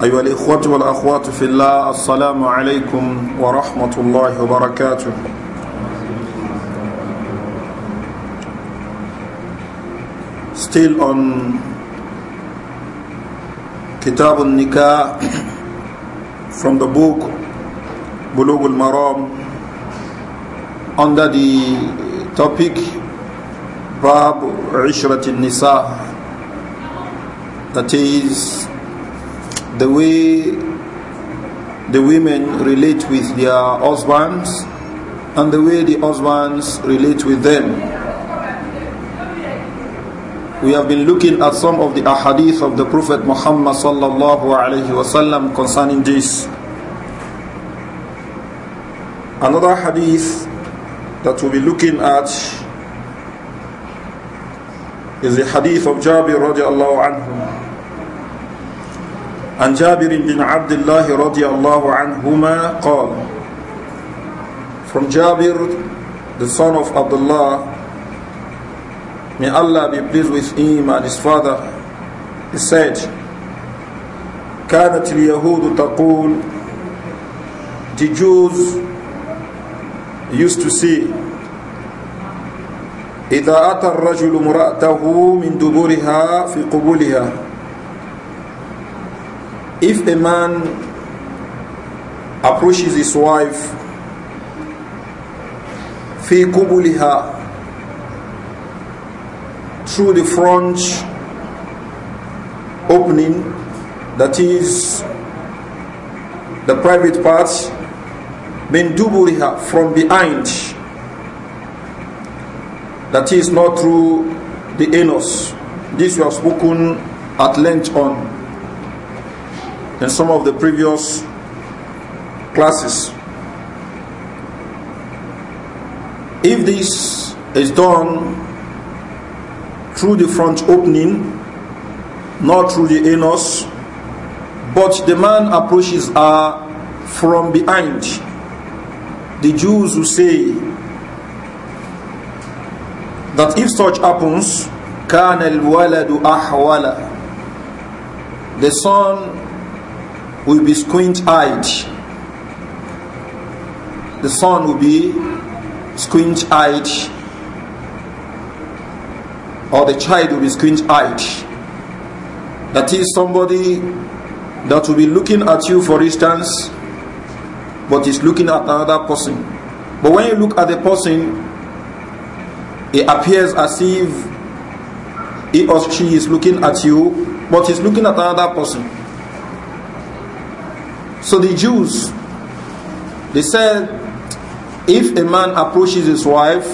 أيها الإخوة والأخوات في الله السلام عليكم ورحمة الله وبركاته Still on كتاب النكاء from the book بلوغ المرام under the topic باب عشرة النساء that is the way the women relate with their husbands and the way the husbands relate with them. We have been looking at some of the ahadith of the Prophet Muhammad sallallahu alaihi wasallam concerning this. Another hadith that we'll be looking at is the hadith of Jabir radiallahu anhu. عن جابر بن عبد الله رضي الله عنهما قال From Jabir, the son of Abdullah, may Allah be pleased with him and his father, he said, كانت اليهود تقول The Jews used to say إذا أتى الرجل مرأته من دبورها في قبولها if a man approaches his wife fi kubuliha through the front opening that is the private part min her from behind that is not through the anus this we have spoken at length on in some of the previous classes. If this is done through the front opening, not through the anus, but the man approaches her from behind, the Jews who say that if such happens, كان الولد أحولا the son will be squint-eyed. The sun will be squint-eyed. Or the child will be squint-eyed. That is somebody that will be looking at you, for instance, but is looking at another person. But when you look at the person, it appears as if he or she is looking at you, but is looking at another person. So the Jews, they said, if a man approaches his wife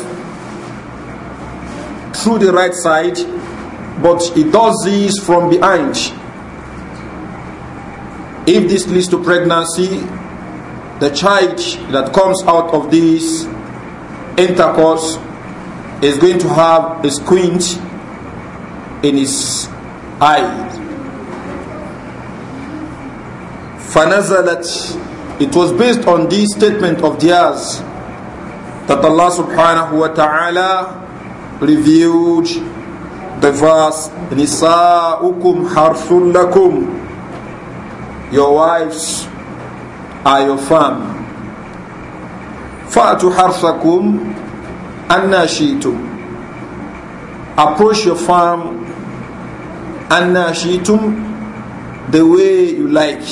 through the right side, but he does this from behind, if this leads to pregnancy, the child that comes out of this intercourse is going to have a squint in his eye فَنَزَلَتْ It was based on this statement of theirs that Allah subhanahu wa ta'ala reviewed the verse نِسَاؤُكُمْ حَرْثٌ لَكُمْ Your wives are your farm فَأْتُ حَرْثَكُمْ أَنَّا شِئْتُمْ Approach your farm أَنَّا شِئْتُمْ the way you like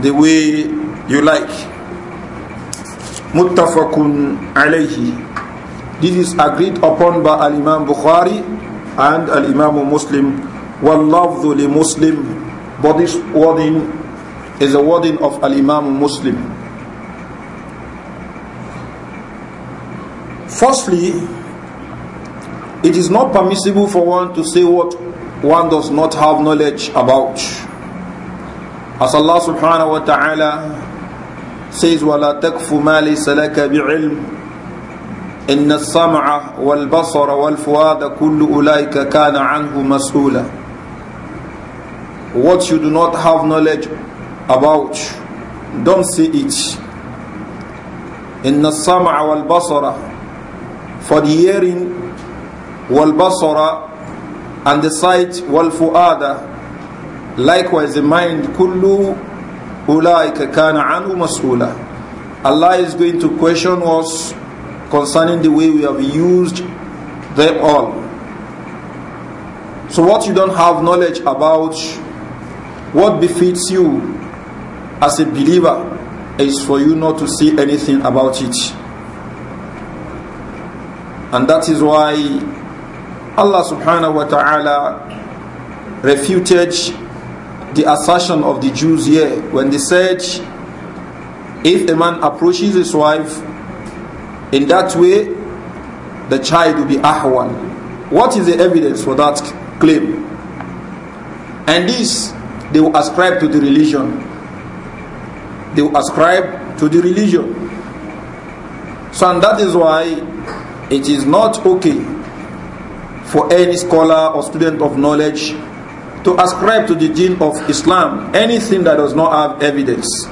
the way you like. Muttafaqun alayhi. This is agreed upon by Al Imam Bukhari and Al Imam Muslim. Wallafdu li Muslim. But this wording is a wording of Al Imam Muslim. Firstly, it is not permissible for one to say what one does not have knowledge about. As Allah subhanahu wa ta'ala says, وَلَا تَكْفُ مَا لَيْسَ لَكَ بِعِلْمٍ إِنَّ السَّمْعَ وَالْبَصَرَ وَالْفُؤَادَ كُلُّ أُولَٰئِكَ كَانَ عَنْهُ مَسْئُولًا What you do not have knowledge about, don't say it. إِنَّ السَّمْعَ وَالْبَصَرَ For the hearing, وَالْبَصَرَ and the sight, وَالْفُؤَادَ Likewise, the mind, kullu ulaika kana anhu mas'ula. Allah is going to question us concerning the way we have used them all. So what you don't have knowledge about, what befits you as a believer is for you not to see anything about it. And that is why Allah subhanahu wa ta'ala refuted the assertion of the Jews here when they said, if a man approaches his wife in that way, the child will be ahwan. What is the evidence for that claim? And this they will ascribe to the religion. They will ascribe to the religion. So, and that is why it is not okay for any scholar or student of knowledge to ascribe to the deen of Islam anything that does not have evidence.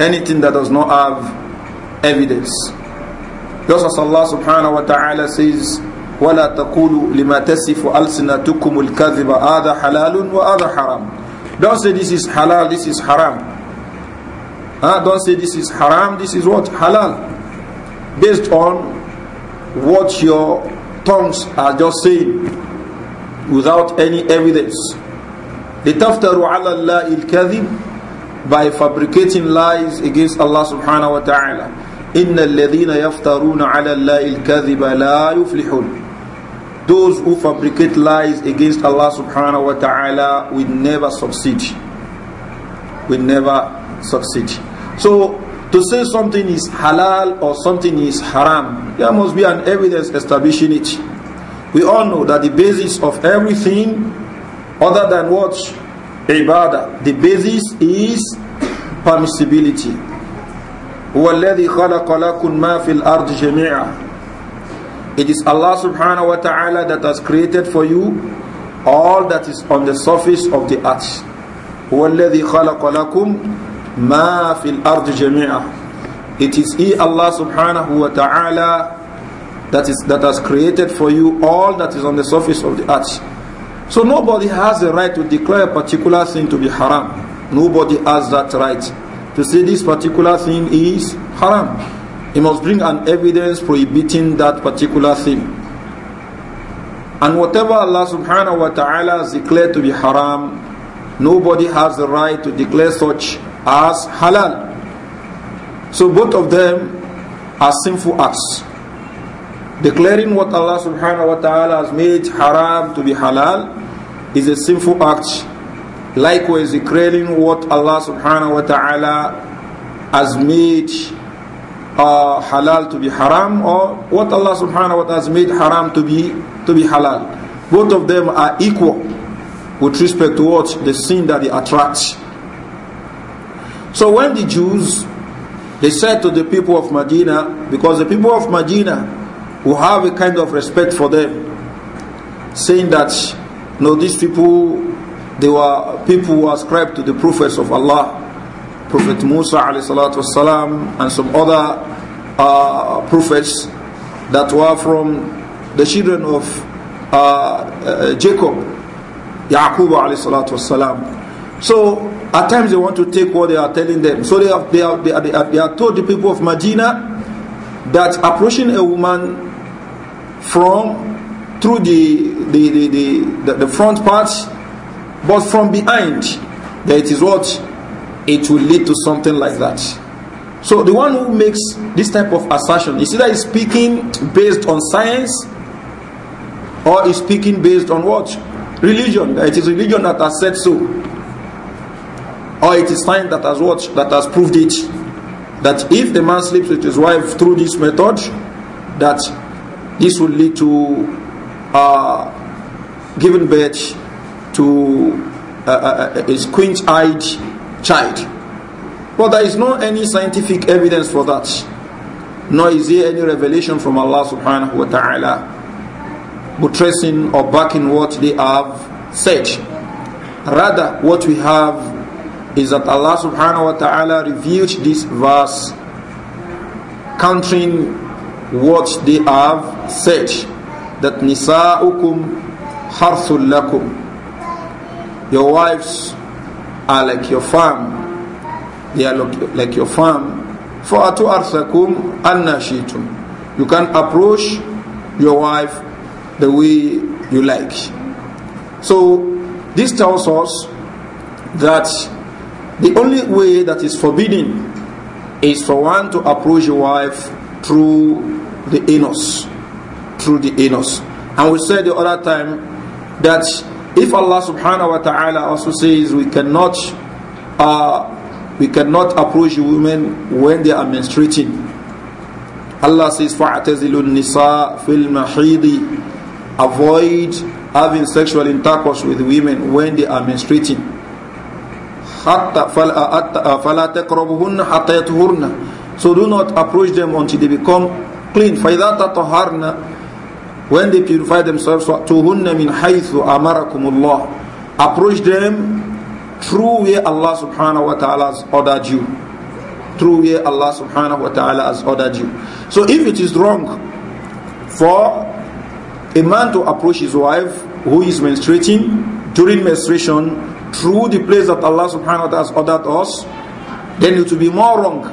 Anything that does not have evidence. Just as Allah subhanahu wa ta'ala says, وَلَا تَقُولُوا لِمَا تَسِفُ أَلْسِنَتُكُمُ الْكَذِبَ هَذَا حَلَالٌ وَهَذَا حَرَامٌ Don't say this is halal, this is haram. Huh? Don't say this is haram, this is what? Halal. Based on what your tongues are just saying without any evidence. لتفتروا على الله الكذب by fabricating lies against Allah subhanahu wa ta'ala. إن الذين يفترون على الله الكذب لا يفلحون Those who fabricate lies against Allah subhanahu wa ta'ala will never succeed. Will never succeed. So to say something is halal or something is haram, there must be an evidence establishing it. We all know that the basis of everything other than what? Ibadah. The basis is permissibility. هو خلق لكم ما في الأرض جميعا It is Allah subhanahu wa ta'ala that has created for you all that is on the surface of the earth. هو خلق لكم ما في الأرض جميعا It is He Allah subhanahu wa ta'ala that, is, that has created for you all that is on the surface of the earth. So nobody has the right to declare a particular thing to be haram. Nobody has that right to say this particular thing is haram. He must bring an evidence prohibiting that particular thing. And whatever Allah subhanahu wa ta'ala has declared to be haram, nobody has the right to declare such as halal. So both of them are sinful acts. Declaring what Allah subhanahu wa ta'ala has made haram to be halal is a sinful act. Likewise, declaring what Allah subhanahu wa ta'ala has made uh, halal to be haram or what Allah subhanahu wa ta'ala has made haram to be to be halal. Both of them are equal with respect to what the sin that they attract. So when the Jews they said to the people of Medina, because the people of Medina we have a kind of respect for them, saying that you know, these people they were people who ascribed to the prophets of Allah, Prophet Musa والسلام, and some other uh, prophets that were from the children of uh, uh, Jacob, Yaqub والسلام. So at times they want to take what they are telling them. So they, have, they, are, they, they, are, they are told the people of Medina that approaching a woman from through the the the, the, the, the front part, but from behind, that it is what it will lead to something like that. So the one who makes this type of assertion is either speaking based on science or is speaking based on what? Religion. It is religion that has said so. Or it is science that has what? That has proved it. That if the man sleeps with his wife through this method, that This will lead to uh, giving birth to uh, uh, uh a squint eyed child. But there is no any scientific evidence for that, nor is there any revelation from Allah subhanahu wa ta'ala buttressing or backing what they have said. Rather, what we have is that Allah subhanahu wa ta'ala revealed this verse countering what they have said that nisa'ukum harthul lakum your wives are like your farm they are like your farm فَأَتُوا أَرْثَكُمْ أَنَّا You can approach your wife the way you like. So this tells us that the only way that is forbidden is for one to approach your wife through the anus. through the anus. And we said the other time that if Allah subhanahu wa ta'ala also says we cannot uh, we cannot approach women when they are menstruating. Allah says فَاعْتَزِلُ النِّسَاءَ فِي الْمَحِيضِ Avoid having sexual intercourse with women when they are menstruating. حتى فلا حَتَّى حتى so do not approach them until they become clean فإذا تطهرن when they purify themselves, to tuhunna min haythu amarakumullah. Approach them through where Allah subhanahu wa ta'ala has ordered you. Through where Allah subhanahu wa ta'ala has ordered you. So if it is wrong for a man to approach his wife who is menstruating during menstruation through the place that Allah subhanahu wa ta'ala has ordered us, then it will be more wrong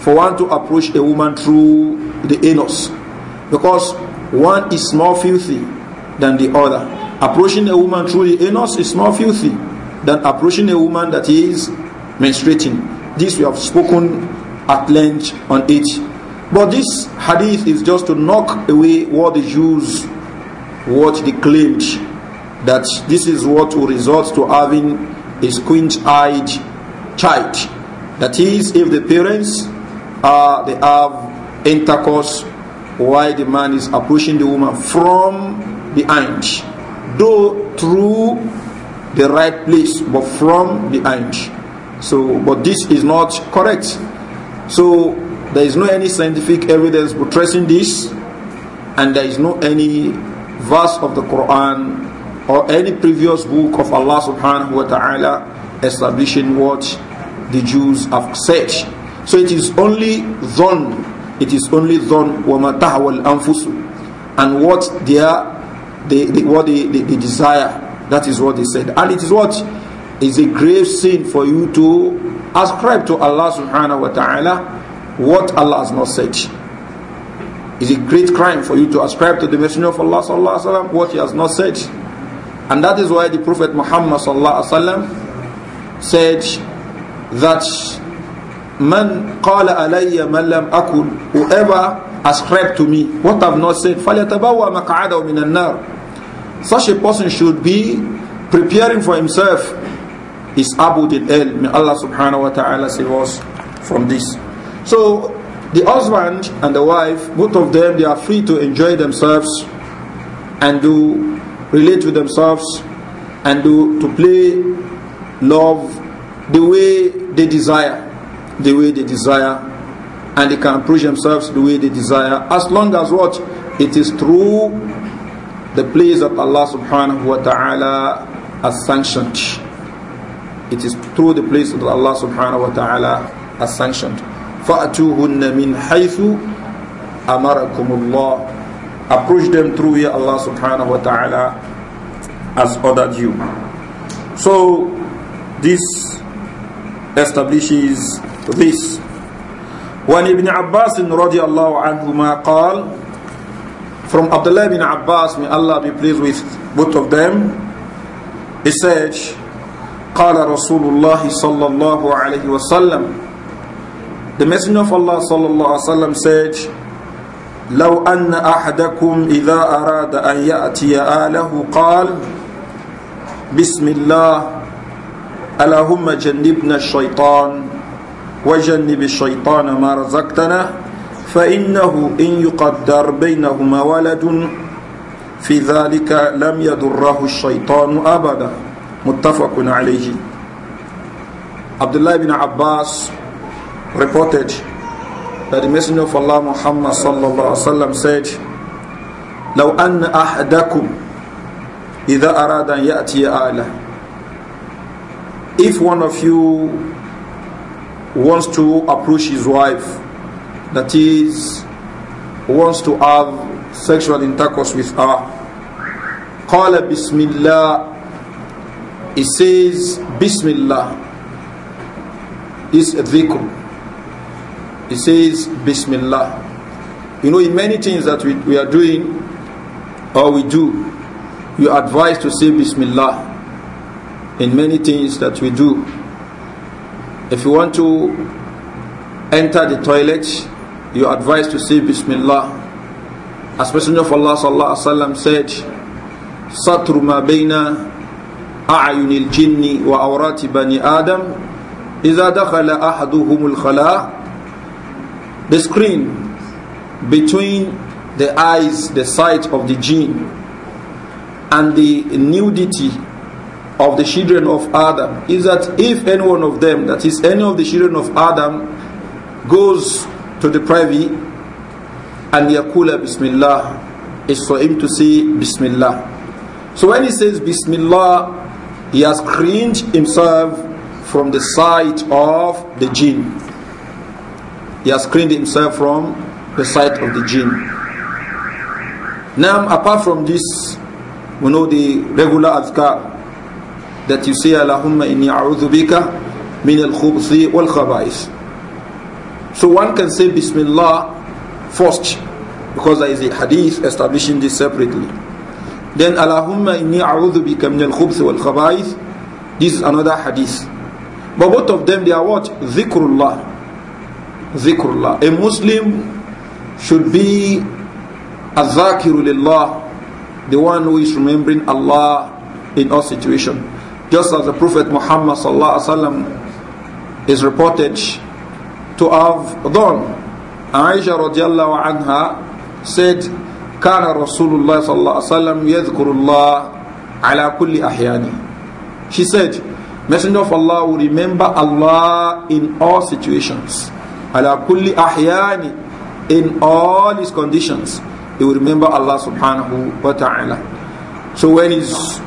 for one to approach a woman through the anus. Because one is more filthy than the other. Approaching a woman through the anus is more filthy than approaching a woman that is menstruating. This we have spoken at length on it. But this hadith is just to knock away what the Jews what they claimed that this is what will result to having a squint-eyed child. That is, if the parents uh, they have intercourse why the man is approaching the woman from behind, though through the right place, but from behind. So, but this is not correct. So, there is no any scientific evidence buttressing this, and there is no any verse of the Quran or any previous book of Allah subhanahu wa ta'ala establishing what the Jews have said. So it is only done it is only done وَمَا تَحْوَى anfusu and what they are, they, what they, they, they, desire. That is what they said. And it is what is a grave sin for you to ascribe to Allah subhanahu wa ta'ala what Allah has not said. It's a great crime for you to ascribe to the Messenger of Allah sallallahu alaihi wasallam what he has not said. And that is why the Prophet Muhammad sallallahu alaihi wasallam said that Man qala alayya man lam akul. Whoever ascribed to me what I've not said. فَلْيَتَبَوَّ مَقْعَدَهُ مِنَ النَّارِ Such a person should be preparing for himself his abu in hell. May Allah subhanahu wa ta'ala save us from this. So the husband and the wife, both of them, they are free to enjoy themselves and do relate with themselves and do to play love the way they desire the way they desire and they can approach themselves the way they desire as long as what it is through the place that Allah subhanahu wa ta'ala has sanctioned it is through the place that Allah subhanahu wa ta'ala has sanctioned فَأْتُوهُنَّ مِنْ حَيْثُ أَمَرَكُمُ اللَّهُ approach them through where Allah subhanahu wa ta'ala has ordered you so this establishes this وعن ابن عباس رضي الله عنهما قال from Abdullah ibn Abbas may Allah be pleased with both of them he said قال رسول الله صلى الله عليه وسلم the messenger of Allah صلى الله عليه وسلم said لو أن أحدكم إذا أراد أن يأتي آله قال بسم الله اللهم جنبنا الشيطان وجنب الشيطان ما رزقتنا فإنه إن يقدر بينهما ولد في ذلك لم يضره الشيطان أبدا متفق عليه عبد الله بن عباس reported that the Messenger of Allah Muhammad صلى الله عليه وسلم said لو أن أحدكم إذا أراد أن يأتي أهله if one of you wants to approach his wife, that is, wants to have sexual intercourse with her. قال بسم الله He says Bismillah. الله is dhikr He says Bismillah You know in many things that we, we are doing or we do we advise to say Bismillah in many things that we do If you want to enter the toilet, you advise to say Bismillah. As Messenger of Allah sallallahu alaihi wasallam said, "Satru ma bayna a'yunil jinni wa awrati bani Adam, idza dakhala ahaduhumul khala." The screen between the eyes, the sight of the jinn, and the nudity of the children of Adam is that if any one of them, that is any of the children of Adam, goes to the privy and yakula bismillah, is for him to say bismillah. So when he says bismillah, he has cringed himself from the sight of the jinn. He has cringed himself from the sight of the jinn. Now, apart from this, we know the regular adhkar that you say, Allahumma inni a'udhu bika min al-khubthi wal-khaba'ith. So one can say Bismillah first, because there is a hadith establishing this separately. Then Allahumma inni a'udhu bika min al-khubthi wal-khaba'ith. This is another hadith. But both of them, they are what? Zikrullah. Zikrullah. A Muslim should be a the one who is remembering Allah in all situations. Just as the Prophet Muhammad sallam, is reported to have done. Aisha radiallahu anha said, كان رسول الله صلى الله عليه وسلم يذكر الله على كل أحيانه. She said, Messenger of Allah will remember Allah in all situations. على كل ahyani, in all his conditions, he will remember Allah subhanahu wa ta'ala. So when he's,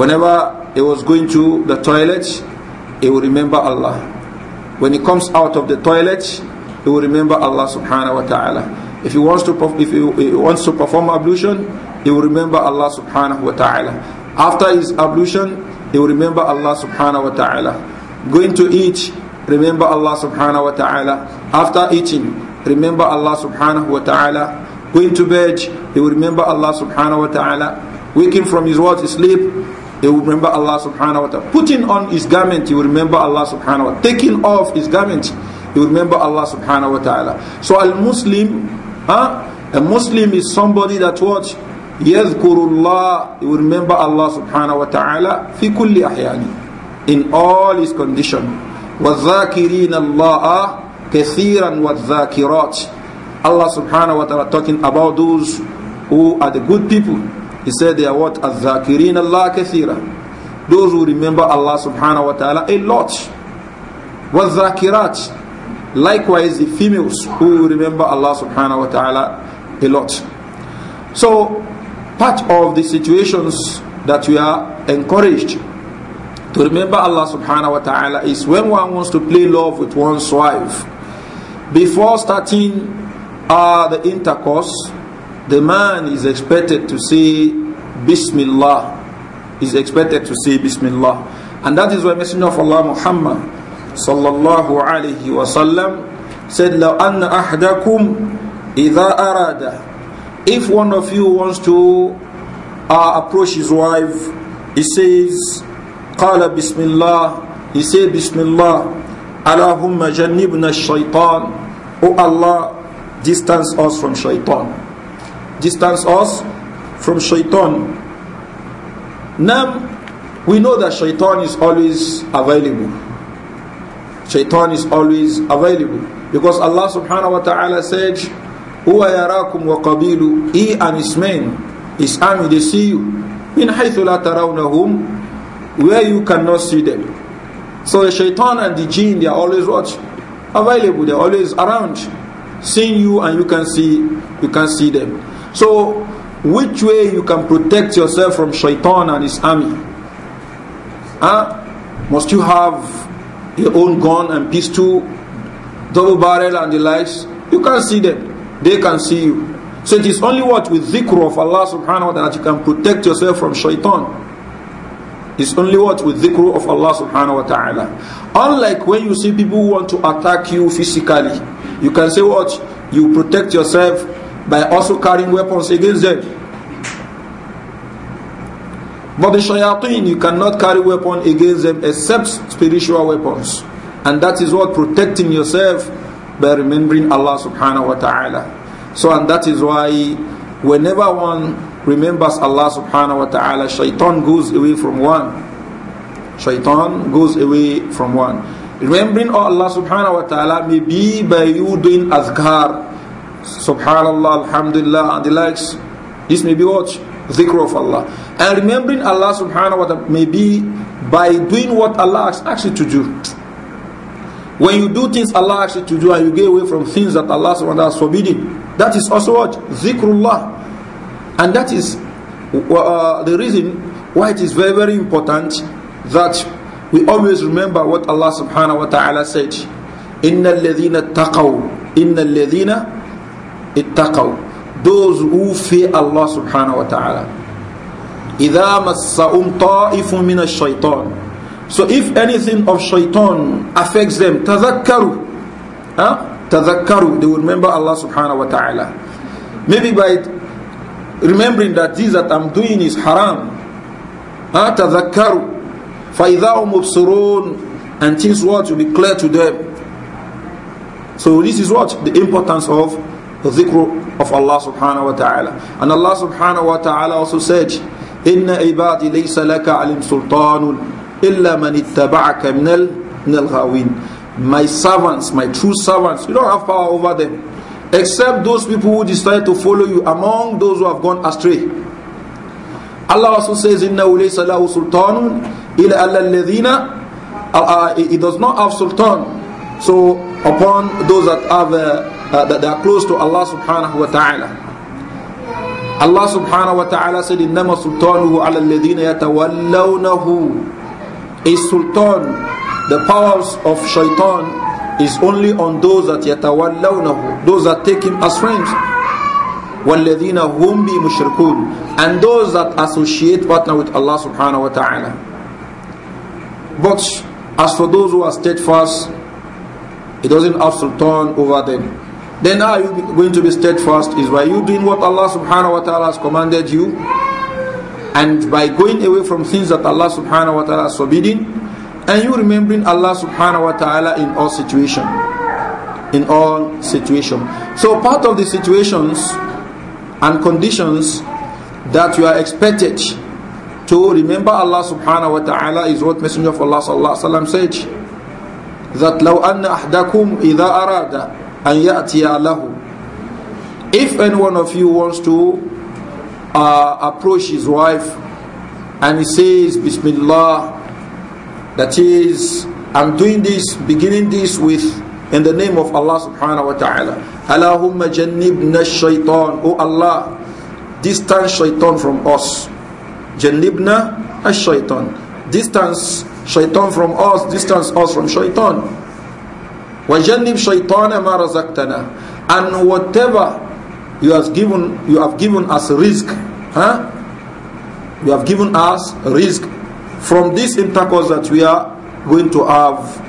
whenever he was going to the toilet, he will remember Allah. When he comes out of the toilet, he will remember Allah subhanahu wa ta'ala. If he wants to if he wants to perform ablution, he will remember Allah subhanahu wa ta'ala. After his ablution, he will remember Allah subhanahu wa ta'ala. Going to eat, remember Allah subhanahu wa ta'ala. After eating, remember Allah subhanahu wa ta'ala. Going to bed, he will remember Allah subhanahu wa ta'ala. Waking from his what? His sleep, They will remember Allah subhanahu wa ta'ala. Putting on his garment, he will remember Allah subhanahu wa ta'ala. Taking off his garment, he will remember Allah subhanahu wa ta'ala. So a Muslim, huh? a Muslim is somebody that what? يذكر الله he will remember Allah subhanahu wa ta'ala في كل أحيانه in all his condition والذاكرين الله كثيرا والذاكرات Allah subhanahu wa ta'ala talking about those who are the good people He said they are what? al Allah kathira. Those who remember Allah subhanahu wa ta'ala a lot. Wadhakirat. Likewise the females who remember Allah subhanahu wa ta'ala a lot. So part of the situations that we are encouraged to remember Allah subhanahu wa ta'ala is when one wants to play love with one's wife. Before starting uh, the intercourse, the man is expected to say Bismillah. Is expected to say Bismillah. And that is why Messenger of Allah Muhammad sallallahu alayhi wa sallam said, لَوْ أَنَّ أَحْدَكُمْ إِذَا أَرَادَ If one of you wants to uh, approach his wife, he says, قال بسم He said, Bismillah. الله اللهم جنبنا الشيطان O Allah, distance us from shaitan. distance us from shaitan. Now, we know that shaitan is always available. Shaitan is always available. Because Allah subhanahu wa ta'ala said, Huwa yarakum wa qabilu, he and his men, his army, they see you. Min haythu la tarawnahum, where you cannot see them. So the shaitan and the jinn, they are always what? Available, they are always around, seeing you and you can see, you can see them. So, which way you can protect yourself from shaitan and his army? Huh? Must you have your own gun and pistol, double barrel and the likes? You can see them. They can see you. So it is only what with dhikr of Allah subhanahu wa ta'ala that you can protect yourself from shaitan. It's only what with dhikr of Allah subhanahu wa ta'ala. Unlike when you see people who want to attack you physically, you can say what? You protect yourself by also carrying weapons against them. But the shayateen, you cannot carry weapon against them except spiritual weapons. And that is what protecting yourself by remembering Allah subhanahu wa ta'ala. So and that is why whenever one remembers Allah subhanahu wa ta'ala, shaitan goes away from one. Shaitan goes away from one. Remembering Allah subhanahu wa ta'ala may be by you doing azkar, subhanallah, alhamdulillah, and the likes. This may be what? Dhikr of Allah. And remembering Allah subhanahu wa ta'ala may be by doing what Allah asked you to do. When you do things Allah asks you to do and you get away from things that Allah subhanahu wa ta'ala has forbidden, that is also what? Dhikrullah. And that is uh, the reason why it is very, very important that we always remember what Allah subhanahu wa ta'ala said. إِنَّ الَّذِينَ اتَّقَوْا إِنَّ الَّذِينَ ittaqaw those who fear Allah subhanahu wa ta'ala. إِذَا مَسَّهُمْ طَائِفٌ مِنَ الشَّيْطَانِ So if anything of shaytan affects them, تَذَكَّرُوا huh? تَذَكَّرُوا They will remember Allah subhanahu wa ta'ala. Maybe by remembering that this that I'm doing is haram. Huh? تَذَكَّرُوا فَإِذَا هُمْ مُبْصِرُونَ And things what will be clear to them. So this is what? The importance of the dhikr of Allah subhanahu wa ta'ala. And Allah subhanahu wa ta'ala also said, إِنَّ عِبَادِ لَيْسَ لَكَ عَلِمْ سُلْطَانٌ إِلَّا مَنِ اتَّبَعَكَ مِنَ الْغَاوِينَ My servants, my true servants, you don't have power over them. Except those people who decide to follow you among those who have gone astray. Allah also says, إِنَّهُ لَيْسَ لَهُ سُلْطَانٌ إِلَّا أَلَّا الَّذِينَ he does not have sultan. So upon those that have uh, uh, that they are close to Allah subhanahu wa ta'ala. Allah subhanahu wa ta'ala said innama sultanuhu ala alladhina yatawallawnahu is sultan the powers of shaitan is only on those that yatawallawnahu those that take him as friends والذين هم bi and those that associate partner with Allah subhanahu wa ta'ala but as for those who are steadfast it doesn't have sultan over them then are you going to be steadfast? Is by you doing what Allah subhanahu wa ta'ala has commanded you and by going away from things that Allah subhanahu wa ta'ala has forbidden and you remembering Allah subhanahu wa ta'ala in all situation. In all situation. So part of the situations and conditions that you are expected to remember Allah subhanahu wa ta'ala is what Messenger of Allah sallallahu alaihi wasallam said that لو أن أحدكم إذا أراد أن يأتي له if any one of you wants to uh, approach his wife and he says Bismillah that is I'm doing this beginning this with in the name of Allah subhanahu wa ta'ala Allahumma jannibna shaitan O Allah distance shaitan from us jannibna shaitan distance shaitan from us distance us from shaitan وَجَنِّبْ شَيْطَانَ مَا رَزَقْتَنَا And whatever you have given, you have given us risk, huh? you have given us risk from this intercourse that we are going to have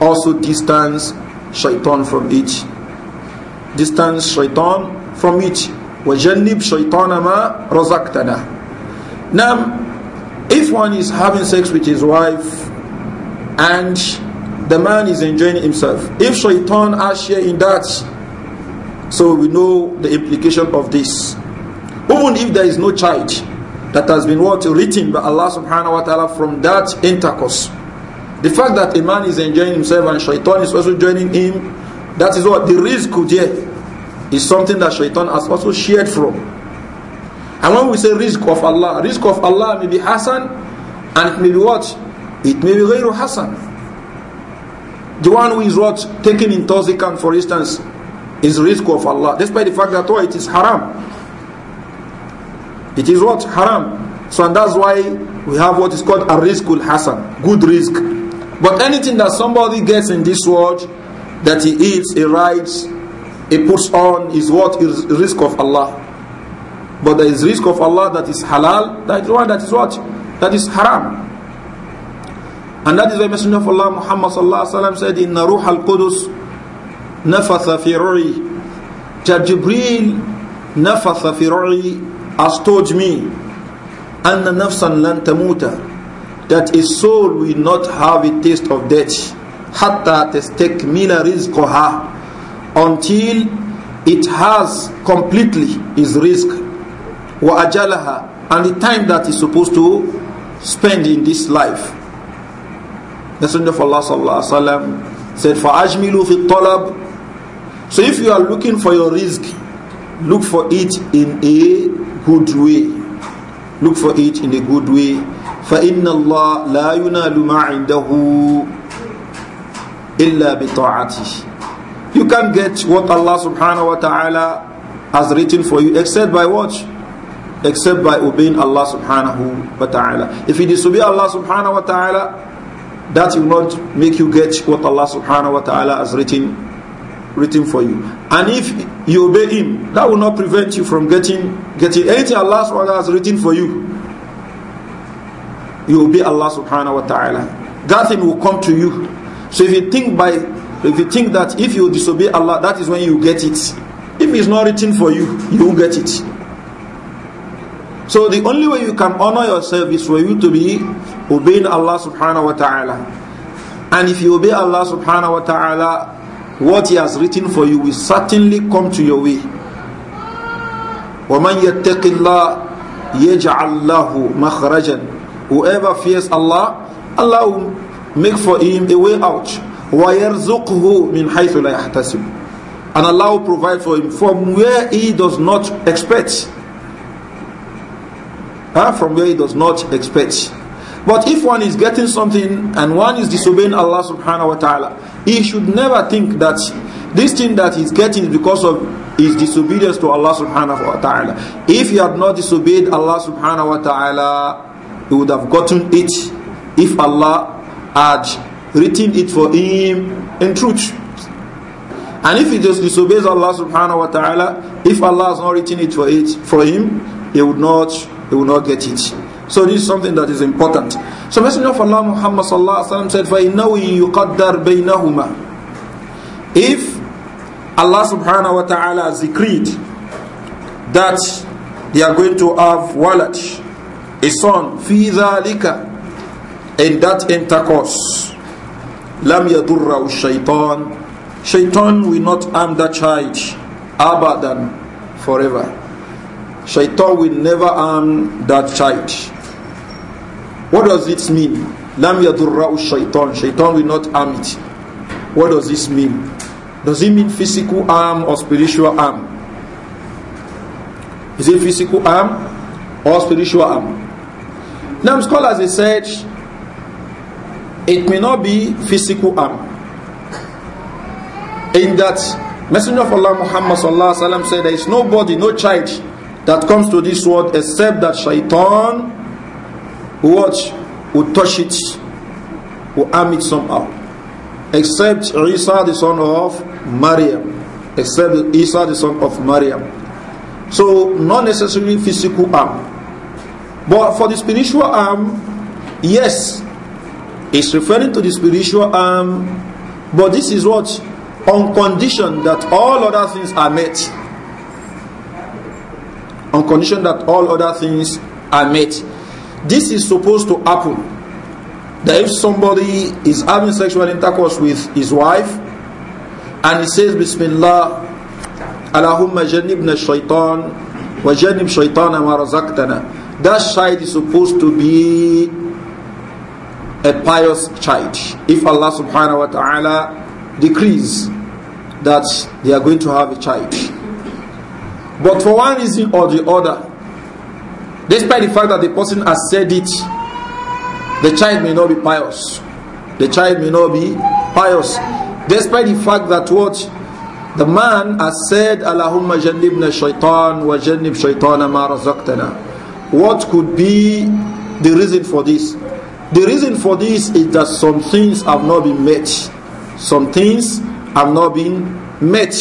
also distance shaitan from each distance shaitan from each وَجَنِّبْ شَيْطَانَ مَا رَزَقْتَنَا Now, if one is having sex with his wife and the man is enjoying himself. If shaitan has share in that, so we know the implication of this. Even if there is no charge that has been what written by Allah subhanahu wa ta'ala from that intercourse. The fact that a man is enjoying himself and shaitan is also joining him, that is what the risk there is something that shaitan has also shared from. And when we say risk of Allah, risk of Allah may be Hassan and it may be what? It may be Ghairu Hassan. The one who is what? Taking intoxicant, for instance, is risk of Allah. Despite the fact that oh, it is haram. It is what? Haram. So and that's why we have what is called a risk riskul hasan, good risk. But anything that somebody gets in this world, that he eats, he rides, he puts on, is what is risk of Allah. But there is risk of Allah that is halal, that is one that is what? That is haram. And that is why Messenger of Allah Muhammad sallallahu alaihi wasallam said, "Inna ruh al Qudus nafatha fi ru'i." That Jibril nafatha fi ru'i has told me, "Anna nafsan lan tamuta," that a soul will not have a taste of death, hatta tastakmila rizqaha, until it has completely its risk, wa ajalaha, and the time that is supposed to spend in this life. Messenger of Allah sallallahu alaihi wasallam said, "Fa'ajmilu fi talab." So if you are looking for your risk, look for it in a good way. Look for it in a good way. فَإِنَّ اللَّهَ لَا يُنَالُ مَا عِنْدَهُ إِلَّا بِطَاعَتِهِ You can get what Allah subhanahu wa ta'ala has written for you except by what? Except by obeying Allah subhanahu wa ta'ala. If you disobey Allah subhanahu wa ta'ala, that will not make you get what Allah subhanahu wa ta'ala has written written for you. And if you obey him, that will not prevent you from getting getting anything Allah subhanahu wa ta'ala has written for you. You obey Allah subhanahu wa ta'ala. That thing will come to you. So if you think by if you think that if you disobey Allah, that is when you get it. If it's not written for you, you won't get it. So the only way you can honor yourself is for you to be obeying Allah subhanahu wa ta'ala. And if you obey Allah subhanahu wa ta'ala, what He has written for you will certainly come to your way. وَمَنْ يَتَّقِ اللَّهِ يَجْعَلْ لَهُ مَخْرَجًا Whoever fears Allah, Allah will make for him a way out. وَيَرْزُقْهُ مِنْ حَيْثُ لَا يَحْتَسِبُ And Allah will provide for him from where he does not expect. Huh? From where he does not expect. But if one is getting something and one is disobeying Allah subhanahu wa ta'ala, he should never think that this thing that he's getting is because of his disobedience to Allah subhanahu wa ta'ala. If he had not disobeyed Allah subhanahu wa ta'ala, he would have gotten it if Allah had written it for him in truth. And if he just disobeys Allah subhanahu wa ta'ala, if Allah has not written it for it for him, he would not he would not get it. So this is something that is important. So Messenger of Allah Muhammad said, فَإِنَّهُ يُقَدَّرْ بَيْنَهُمَا If Allah subhanahu wa ta'ala decreed that they are going to have walad, a son, fi ذَلِكَ In that intercourse, لَمْ يَدُرَّهُ shaitan. Shaitan will not harm that child abadan forever. Shaitan will never harm that child. What does it mean? Lam yadurra'u shaitan. Shaitan will not arm it. What does this mean? Does it mean physical arm or spiritual arm? Is it physical arm or spiritual arm? Now scholars they said it may not be physical arm. In that Messenger of Allah Muhammad sallallahu alaihi wasallam said there is nobody, no child that comes to this world except that shaitan who watch, who touch it, who arm it somehow. Except Isa the son of Maryam. Except Isa the son of Maryam. So not necessarily physical arm, But for the spiritual arm, yes, it's referring to the spiritual arm. but this is what? On condition that all other things are met. On condition that all other things are met this is supposed to happen that if somebody is having sexual intercourse with his wife and he says bismillah allahumma jannibna shaitan wa jannib shaitana ma razaqtana that child is supposed to be a pious child if allah subhanahu wa ta'ala decrees that they are going to have a child but for one reason or the other Despite the fact that the person has said it, the child may not be pious. The child may not be pious. Despite the fact that what the man has said, Allahumma jannibna shaitan wa jannib shaitana ma razaqtana. What could be the reason for this? The reason for this is that some things have not been met. Some things have not been met.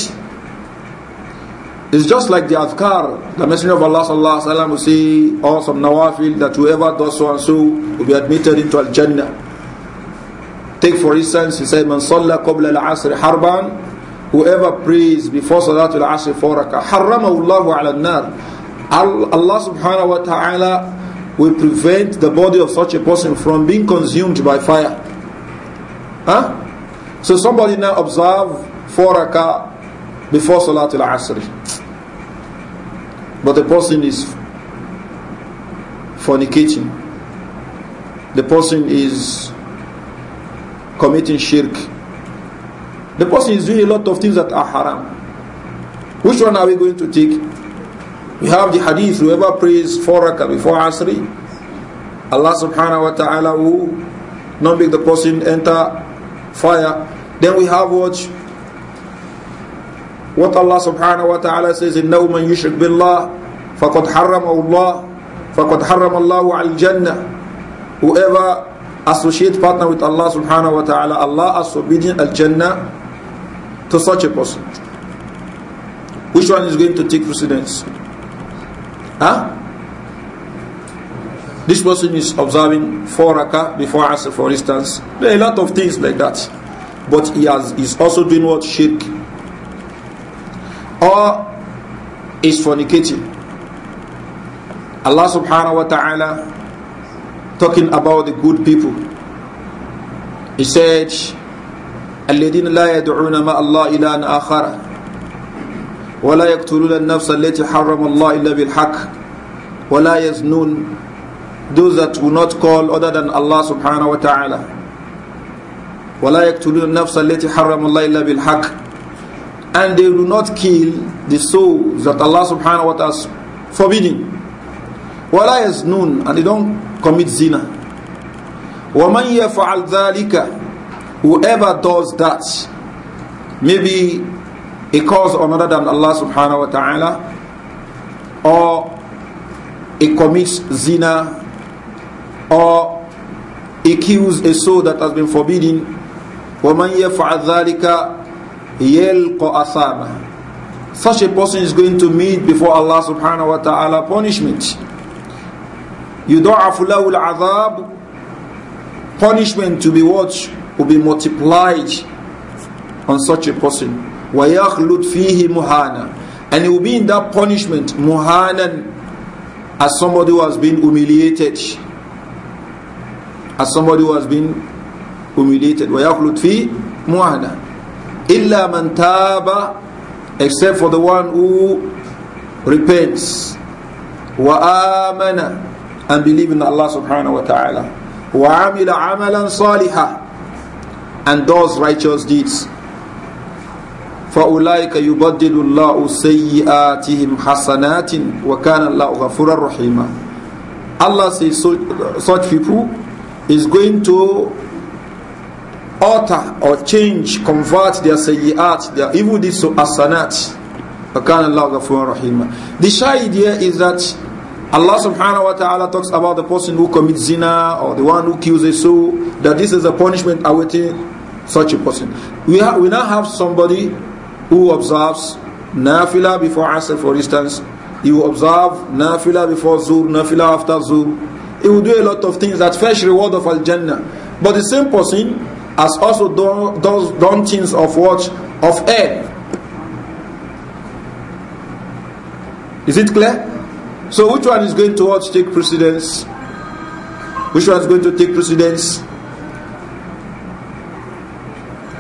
It's just like the adhkar. The Messenger of Allah sallallahu alaihi wasallam will say, or some nawafil, that whoever does so and so will be admitted into Al Jannah. Take for instance, he said, Man salla qabla al asr harban, whoever prays before Salatul Asr foraka rakah, haramahu Allahu ala nar. Allah subhanahu wa ta'ala will prevent the body of such a person from being consumed by fire. Huh? So somebody now observe foraka before Salatul Asr. but the person is fornicating, the person is committing shirk, the person is doing a lot of things that are haram. Which one are we going to take? We have the hadith, whoever prays four rakah before Asri, Allah subhanahu wa ta'ala will not make the person enter fire. Then we have what? What Allah subhanahu wa ta'ala says in Now man yushrik billah, faqad harrama Allah, faqad harrama Allah al jannah. Whoever associate partner with Allah subhanahu wa ta'ala, Allah has forbidden al jannah to such a person. Which one is going to take precedence? Huh? This person is observing four rakah before Asr, for instance. There are a lot of things like that. But he has, is also doing what? Shirk. or is fornicating. Allah subhanahu wa ta'ala talking about the good people. He said, الذين لا يدعون مع الله إلى آخر ولا يقتلون النفس التي حرم الله إلا بالحق ولا يزنون those that will not call other than Allah subhanahu wa ta'ala ولا يقتلون النفس التي حرم الله إلا بالحق and they do not kill the souls that Allah subhanahu wa ta'ala is forbidding. is known And they don't commit zina. وَمَنْ يَفْعَلْ ذَلِكَ Whoever does that, maybe a cause or another than Allah subhanahu wa ta'ala, or he commits zina, or he kills a soul that has been forbidden, وَمَنْ يَفْعَلْ ذَلِكَ yelqo asaba. Such a person is going to meet before Allah subhanahu wa ta'ala punishment. يُضَعَفُ لَهُ الْعَذَابُ Punishment to be watched Will be multiplied on such a person. وَيَخْلُدْ فِيهِ muhana, And he will be in that punishment, muhanan, as somebody who has been humiliated. As somebody who has been humiliated. وَيَخْلُدْ فِيهِ muhana. illa man taba except for the one who repents wa amana and believe in Allah subhanahu wa ta'ala wa amila amalan salihah and does righteous deeds فأولئك يبدل الله سيئاتهم حسنات وكان الله غفورا رحيما Allah says so, such people is going to alter or change, convert their sayyiat, their evil deeds to asanat. The shy idea is that Allah subhanahu wa ta'ala talks about the person who commits zina or the one who kills a soul, that this is a punishment awaiting such a person. We, we now have somebody who observes nafila before Asr, for instance. He will observe nafila before Zuhr, nafila after Zuhr. He will do a lot of things that fetch reward of Al Jannah. But the same person has also done, done, things of what? Of air. Is it clear? So which one is going to what take precedence? Which one is going to take precedence?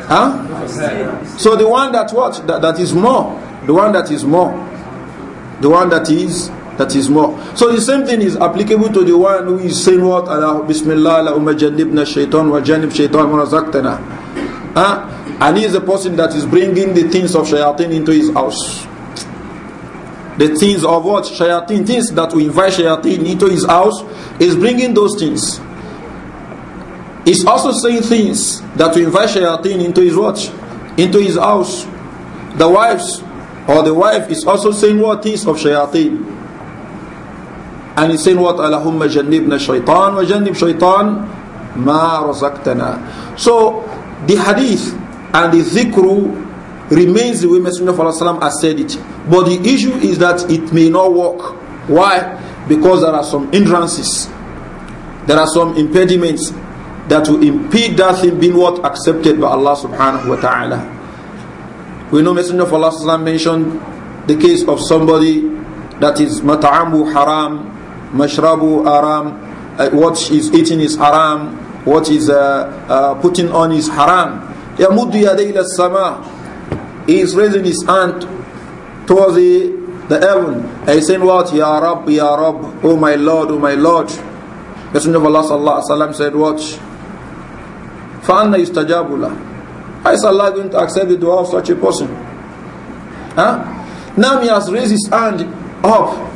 Huh? So the one that what that, that is more, the one that is more, the one that is that is more. So the same thing is applicable to the one who is saying what? Allah, Bismillah, Allahumma jannibna shaitan wa jannib shaitan wa Huh? And he is a person that is bringing the things of shayateen into his house. The things of what? Shayateen, things that we invite shayateen into his house, is bringing those things. He's also saying things that we invite shayateen into his watch, into his house. The wives or the wife is also saying what things of shayateen. And he's saying what? الشيطان jannibna شيطان ما رزقتنا. So the hadith and the ذكر remains the way Messenger of Allah has said it. But the issue is that it may not work. Why? Because there are some hindrances. There are some impediments that will impede that thing being what accepted by Allah subhanahu wa ta'ala. We know Messenger of Allah mentioned the case of somebody that is mat'amu haram mashrabu haram, uh, what he's eating is haram, what is uh, uh, putting on is haram. يَمُدُّ يَدَيْ sama. He is raising his hand towards the, the heaven. And he's saying what? Ya Rab, Ya Rab, Oh my Lord, Oh my Lord. The Messenger of Allah sallallahu alayhi wa said what? فَأَنَّ يُسْتَجَابُ لَهُ How is Allah going to accept the dua of such a person? Huh? Now he has raised his hand up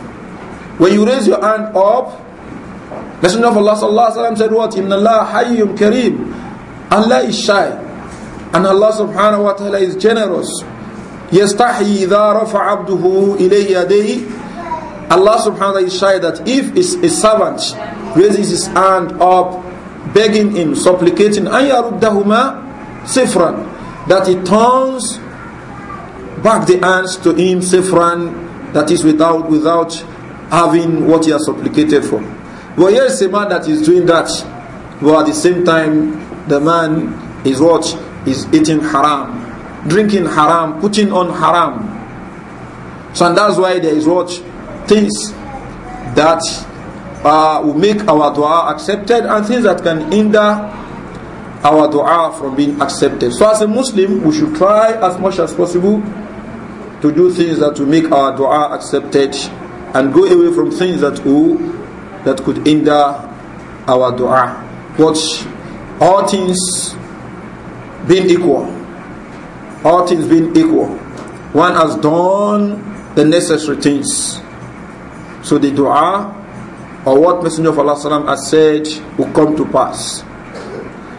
when you raise your hand up, Messenger of Allah sallallahu alaihi wasallam said what? Inna Allah Hayyum kareem. Allah is shy. And Allah subhanahu wa ta'ala is generous. يَسْتَحْيِ إِذَا رَفَعَ عَبْدُهُ إِلَيْ يَدَيْهِ Allah subhanahu wa ta'ala is shy that if a servant raises his hand up, begging him, supplicating, أَنْ يَرُدَّهُمَا سِفْرًا That he turns back the hands to him, sefran, that is without, without having what he has supplicated for. But here is a man that is doing that, but at the same time, the man is what? Is eating haram, drinking haram, putting on haram. So, and that's why there is what? Things that uh, will make our dua accepted and things that can hinder our dua from being accepted. So, as a Muslim, we should try as much as possible to do things that will make our dua accepted. and go away from things that will, that could hinder our dua. Watch all things being equal, all things being equal, one has done the necessary things. So the dua or what Messenger of Allah has said will come to pass.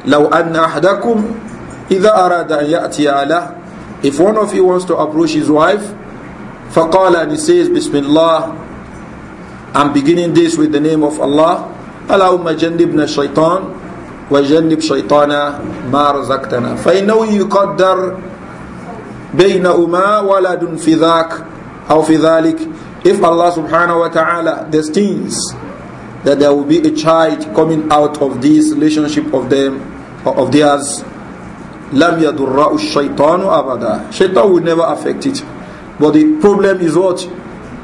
لو أن أحدكم إذا أراد أن يأتي أهله If one of you wants to approach his wife فقال and he says بسم الله I'm beginning this with the name of Allah. Allahumma jannibna shaitan wa jannib shaitana ma razaqtana. Fa innahu yuqaddar baynahuma waladun fi dhak aw fi dhalik. If Allah subhanahu wa ta'ala destines that there will be a child coming out of this relationship of them of theirs lam yadurra'u shaitanu abada. Shaitan will never affect it. But the problem is what?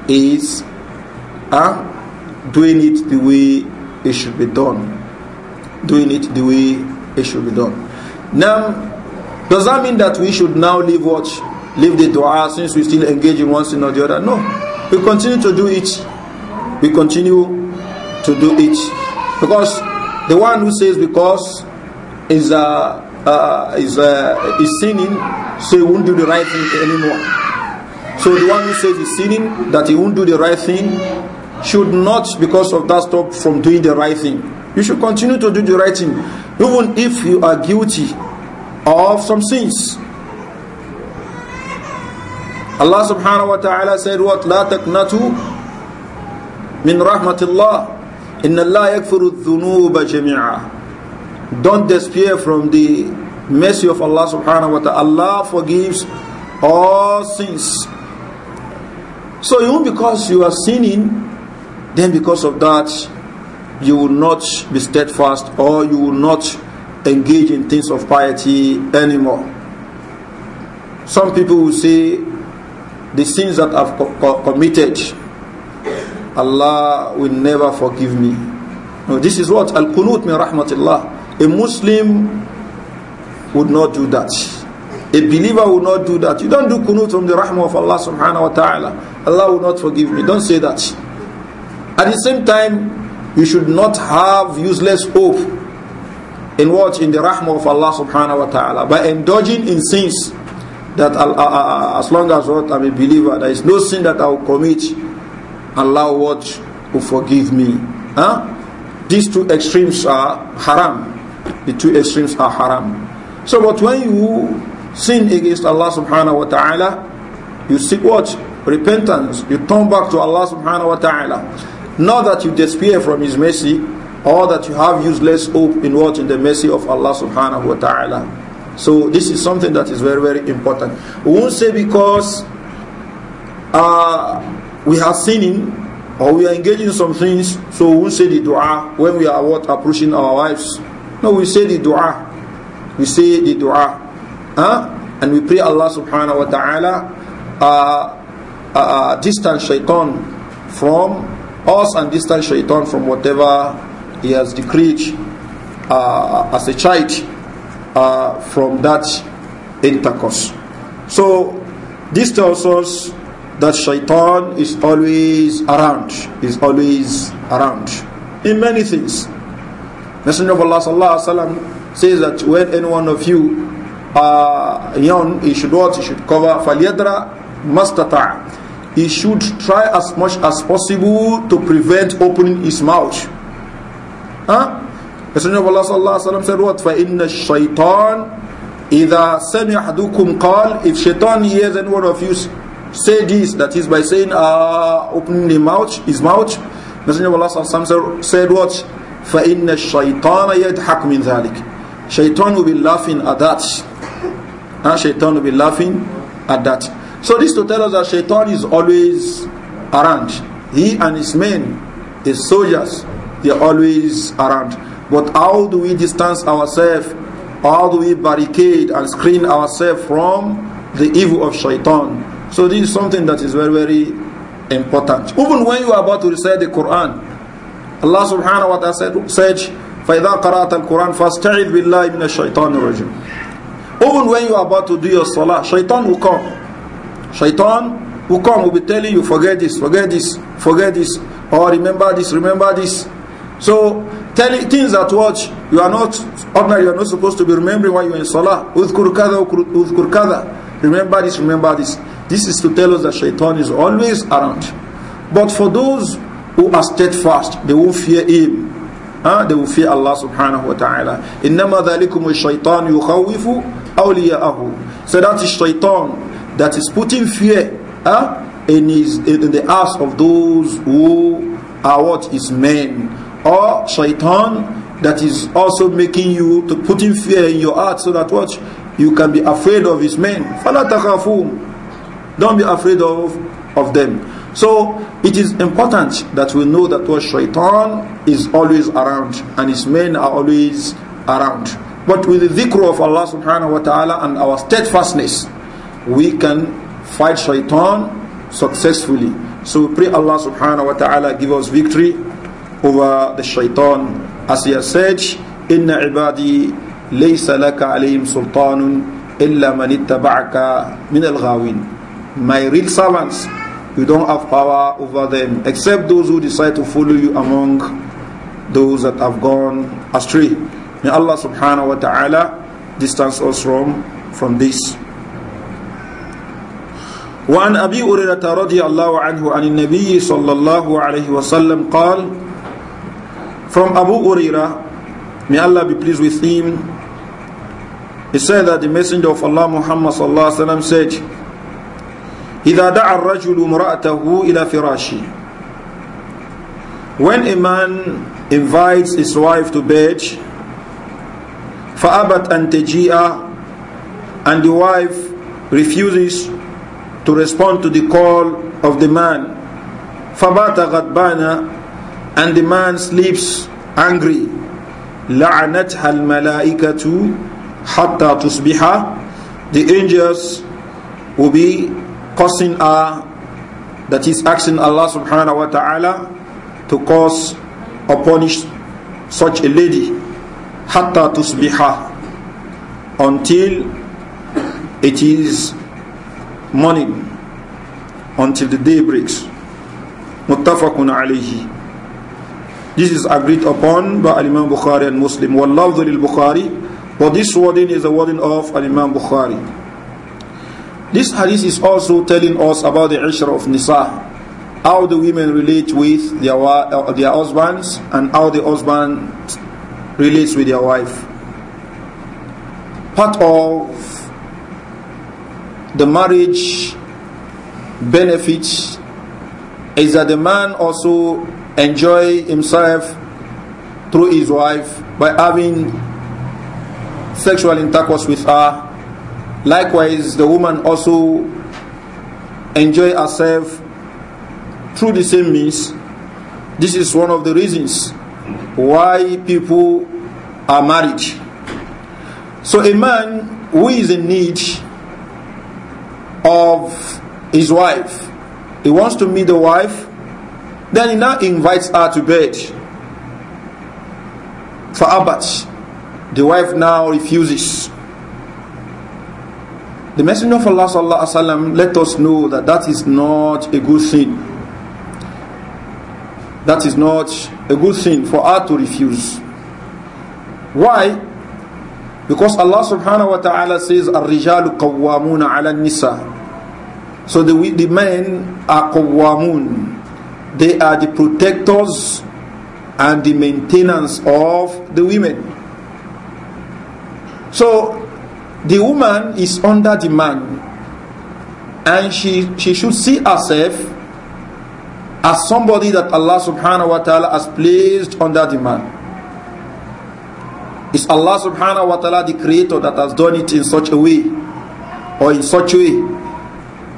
Is huh? doing it the way it should be done. Doing it the way it should be done. Now, does that mean that we should now leave what? Leave the dua since we still engage in one sin or the other? No. We continue to do it. We continue to do it. Because the one who says because is a uh, uh, is uh, is sinning, so he won't do the right thing anymore. So the one who says he's sinning that he won't do the right thing should not, because of that, stop from doing the right thing. You should continue to do the right thing, even if you are guilty of some sins. Allah subhanahu wa ta'ala said, What? لا تقنطوا من رحمة الله إن الله يغفر الذنوب جميعا Don't despair from the mercy of Allah subhanahu wa ta'ala. Allah forgives all sins. So even because you are sinning, then because of that, you will not be steadfast or you will not engage in things of piety anymore. Some people will say, the sins that I've co co committed, Allah will never forgive me. No, this is what Al Qunut min Rahmatullah. A Muslim would not do that. A believer would not do that. You don't do Qunut from the Rahmah of Allah subhanahu wa ta'ala. Allah will not forgive me. Don't say that. At the same time, you should not have useless hope in what? In the rahma of Allah subhanahu wa ta'ala. By indulging in sins that uh, uh, uh, as long as what I'm a believer, there is no sin that I will commit, Allah what will forgive me. Huh? These two extremes are haram. The two extremes are haram. So but when you sin against Allah subhanahu wa ta'ala, you seek what? Repentance. You turn back to Allah subhanahu wa ta'ala. Not that you despair from His mercy or that you have useless hope in what? In the mercy of Allah subhanahu wa ta'ala. So this is something that is very, very important. We won't say because uh, we are sinning or we are engaging in some things, so we won't say the dua when we are what approaching our wives. No, we say the dua. We say the dua. Huh? And we pray Allah subhanahu wa ta'ala uh, uh, uh distance shaitan from us and distant shaitan from whatever he has decreed uh, as a child uh, from that intercourse. So, this tells us that shaitan is always around, is always around in many things. Messenger of Allah sallallahu alaihi says that when any one of you are young, he should what? He should cover فَلْيَدْرَ مَسْتَطَعَ he should try as much as possible to prevent opening his mouth. Huh? The Messenger of Allah sallallahu alaihi wasallam said what? فَإِنَّ الشَّيْطَانِ إِذَا سَمِعَ أَحَدُكُمْ قَالَ If shaitan hears any one of you say this, that is by saying, uh, opening the mouth, his mouth, Messenger of Allah sallallahu alaihi wasallam said what? فَإِنَّ الشَّيْطَانَ يَدْحَكْ مِنْ ذَلِكَ Shaitan will be laughing at that. Huh? Shaitan will be laughing at that. So this to tell us that shaitan is always around. He and his men, his soldiers, they are always around. But how do we distance ourselves? How do we barricade and screen ourselves from the evil of shaitan? So this is something that is very, very important. Even when you are about to recite the Quran, Allah subhanahu wa ta'ala said, فَإِذَا قَرَأَتَ الْقُرْآنِ فَاسْتَعِذْ بِاللَّهِ مِنَ الشَّيْطَانِ الرَّجِيمِ Even when you are about to do your salah, shaitan will come. Shaitan will come, will be telling you, forget this, forget this, forget this, or remember this, remember this. So, tell things at watch, you are not ordinary, you are not supposed to be remembering while you are in Salah. Udhkur kada, udhkur kada. Remember this, remember this. This is to tell us that Shaitan is always around. But for those who are steadfast, they will fear him. Huh? They will fear Allah subhanahu wa ta'ala. إِنَّمَا ذَلِكُمُ الشَّيْطَانُ يُخَوِّفُ أَوْلِيَاءَهُ So that is Shaitan that is putting fear huh, in, his, in the hearts of those who are what is men or shaitan that is also making you to put in fear in your heart so that what you can be afraid of his men don't be afraid of of them so it is important that we know that what shaitan is always around and his men are always around but with the dhikr of Allah subhanahu wa ta'ala and our steadfastness we can fight shaitan successfully. So we pray Allah subhanahu wa ta'ala give us victory over the shaitan. As he has said, إِنَّ عِبَادِي لَيْسَ لَكَ عَلَيْهِمْ سُلْطَانٌ إِلَّا مَنِ اتَّبَعَكَ مِنَ الْغَاوِينَ My real servants, you don't have power over them except those who decide to follow you among those that have gone astray. May Allah subhanahu wa ta'ala distance us from, from this. وعن أبي هريرة رضي الله عنه عن النبي صلى الله عليه وسلم قال From Abu Huraira, may Allah be pleased with him, he said that the messenger of Allah Muhammad sallallahu alaihi wasallam said, إِذَا دَعَ الرَّجُلُ مُرَأَتَهُ إِلَى فِرَاشِ When a man invites his wife to bed, فَأَبَتْ أَن تَجِيئَ And the wife refuses to respond to the call of the man. فَبَاتَ غَدْبَانَ And the man sleeps angry. لَعَنَتْهَا الْمَلَائِكَةُ حَتَّى تُصْبِحَ The angels will be cursing her, that is asking Allah subhanahu wa ta'ala to cause or punish such a lady. حَتَّى تُصْبِحَ Until it is morning until the day breaks. Muttafaqun alayhi. This is agreed upon by Imam Bukhari and Muslim. Wallahu lil Bukhari. But this wording is a wording of Imam Bukhari. This hadith is also telling us about the Ishra of Nisa. How the women relate with their, uh, their husbands and how the husband relates with their wife. Part of the marriage benefits is that the man also enjoy himself through his wife by having sexual intercourse with her likewise the woman also enjoy herself through the same means this is one of the reasons why people are married so a man who is in need of his wife. He wants to meet the wife. Then he now invites her to bed. For Abbas, the wife now refuses. The Messenger of Allah sallallahu alaihi wasallam let us know that that is not a good thing. That is not a good thing for her to refuse. Why? Because Allah subhanahu wa ta'ala says, الرجال قوامون على nisa." So the, the men are qawamun. They are the protectors and the maintenance of the women. So the woman is under the man and she, she should see herself as somebody that Allah subhanahu wa ta'ala has placed under the man. It's Allah subhanahu wa ta'ala the creator that has done it in such a way or in such a way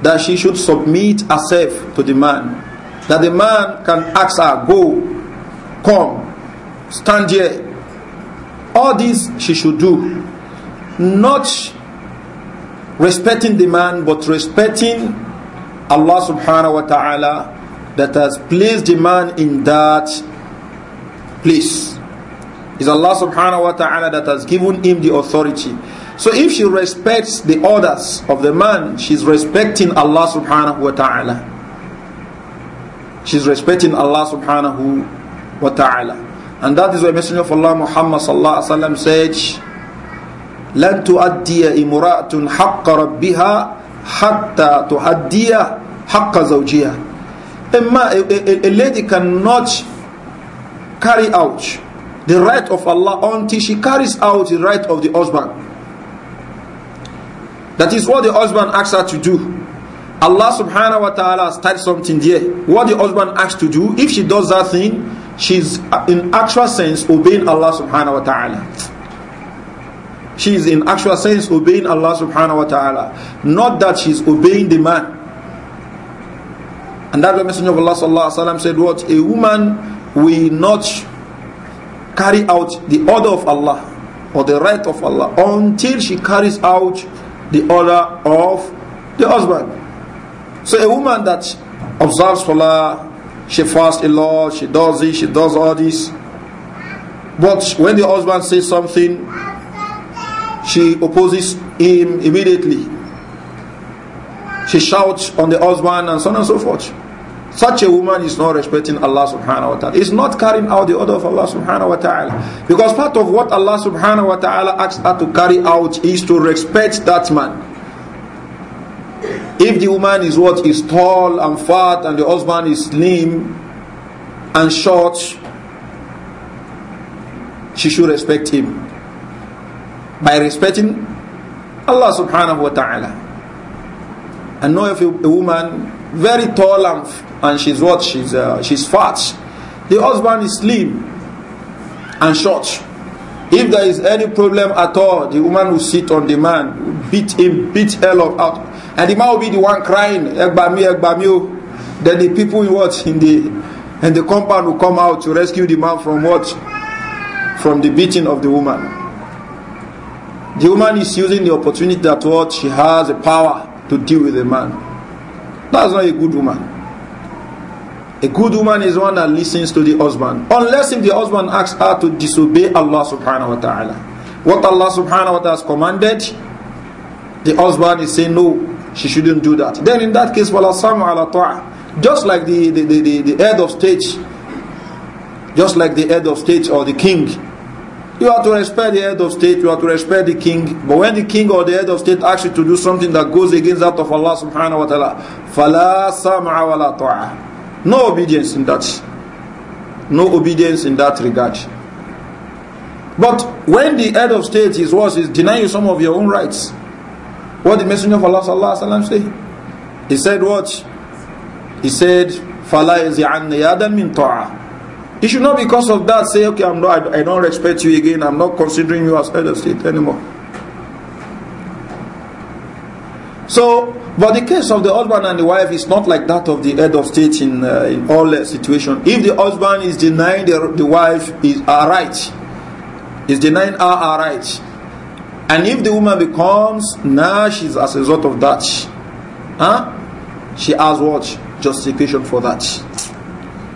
that she should submit herself to the man. That the man can ask her, go, come, stand here. All this she should do. Not respecting the man, but respecting Allah subhanahu wa ta'ala that has placed the man in that place. Is Allah subhanahu wa ta'ala that has given him the authority. So if she respects the orders of the man, she's respecting Allah subhanahu wa ta'ala. She's respecting Allah subhanahu wa ta'ala. And that is why Messenger of Allah Muhammad sallallahu alaihi wasallam said, لن to امرأة حق ربها حتى hatta حق زوجها. A, a, a lady cannot carry out the right of Allah until she carries out the right of the husband. That is what the husband asks her to do. Allah subhanahu wa ta'ala has started something there. What the husband asks to do, if she does that thing, she's uh, in actual sense obeying Allah subhanahu wa ta'ala. She is in actual sense obeying Allah subhanahu wa ta'ala. Not that she's obeying the man. And that's why Messenger of Allah sallallahu alaihi wasallam said what? A woman will not carry out the order of Allah or the right of Allah until she carries out the order of the husband. So a woman that observes Salah, she fasts a lot, she does this, she does all this. But when the husband says something, she opposes him immediately. She shouts on the husband and so on and so forth. Such a woman is not respecting Allah subhanahu wa ta'ala. Is not carrying out the order of Allah subhanahu wa ta'ala. Because part of what Allah subhanahu wa ta'ala asks her to carry out is to respect that man. If the woman is what is tall and fat and the husband is slim and short, she should respect him by respecting Allah subhanahu wa ta'ala. And know if a woman very tall and and she's what? She's, uh, she's fat. The husband is slim and short. If there is any problem at all, the woman will sit on the man, beat him, beat hell of out. And the man will be the one crying, Egbami, Egbami. Then the people in what? In the and the compound will come out to rescue the man from what? From the beating of the woman. The woman is using the opportunity that what she has the power to deal with the man. That's not a good woman. A good woman is one that listens to the husband. Unless if the husband asks her to disobey Allah subhanahu wa ta'ala. What Allah subhanahu wa ta'ala has commanded, the husband is saying no, she shouldn't do that. Then in that case, ala ta'a. Just like the, the, the, the, head of state, just like the head of state or the king. You have to respect the head of state, you have to respect the king. But when the king or the head of state asks you to do something that goes against that of Allah subhanahu wa ta'ala, فَلَا سَمْعَ وَلَا طَاعَةً No obedience in that. No obedience in that regard. But when the head of state is what is denying you some of your own rights, what did Messenger of Allah sallallahu alaihi wasallam say? He said what? He said, "Fala yadan min ta'a." It should not because of that say, "Okay, I'm not. I, I don't respect you again. I'm not considering you as head of state anymore." So But the case of the husband and the wife is not like that of the head of state in, uh, in all uh, situations. If the husband is denying the, the wife is her right, is denying her her right, and if the woman becomes now nah, as a result of that, huh? she has what? Justification for that.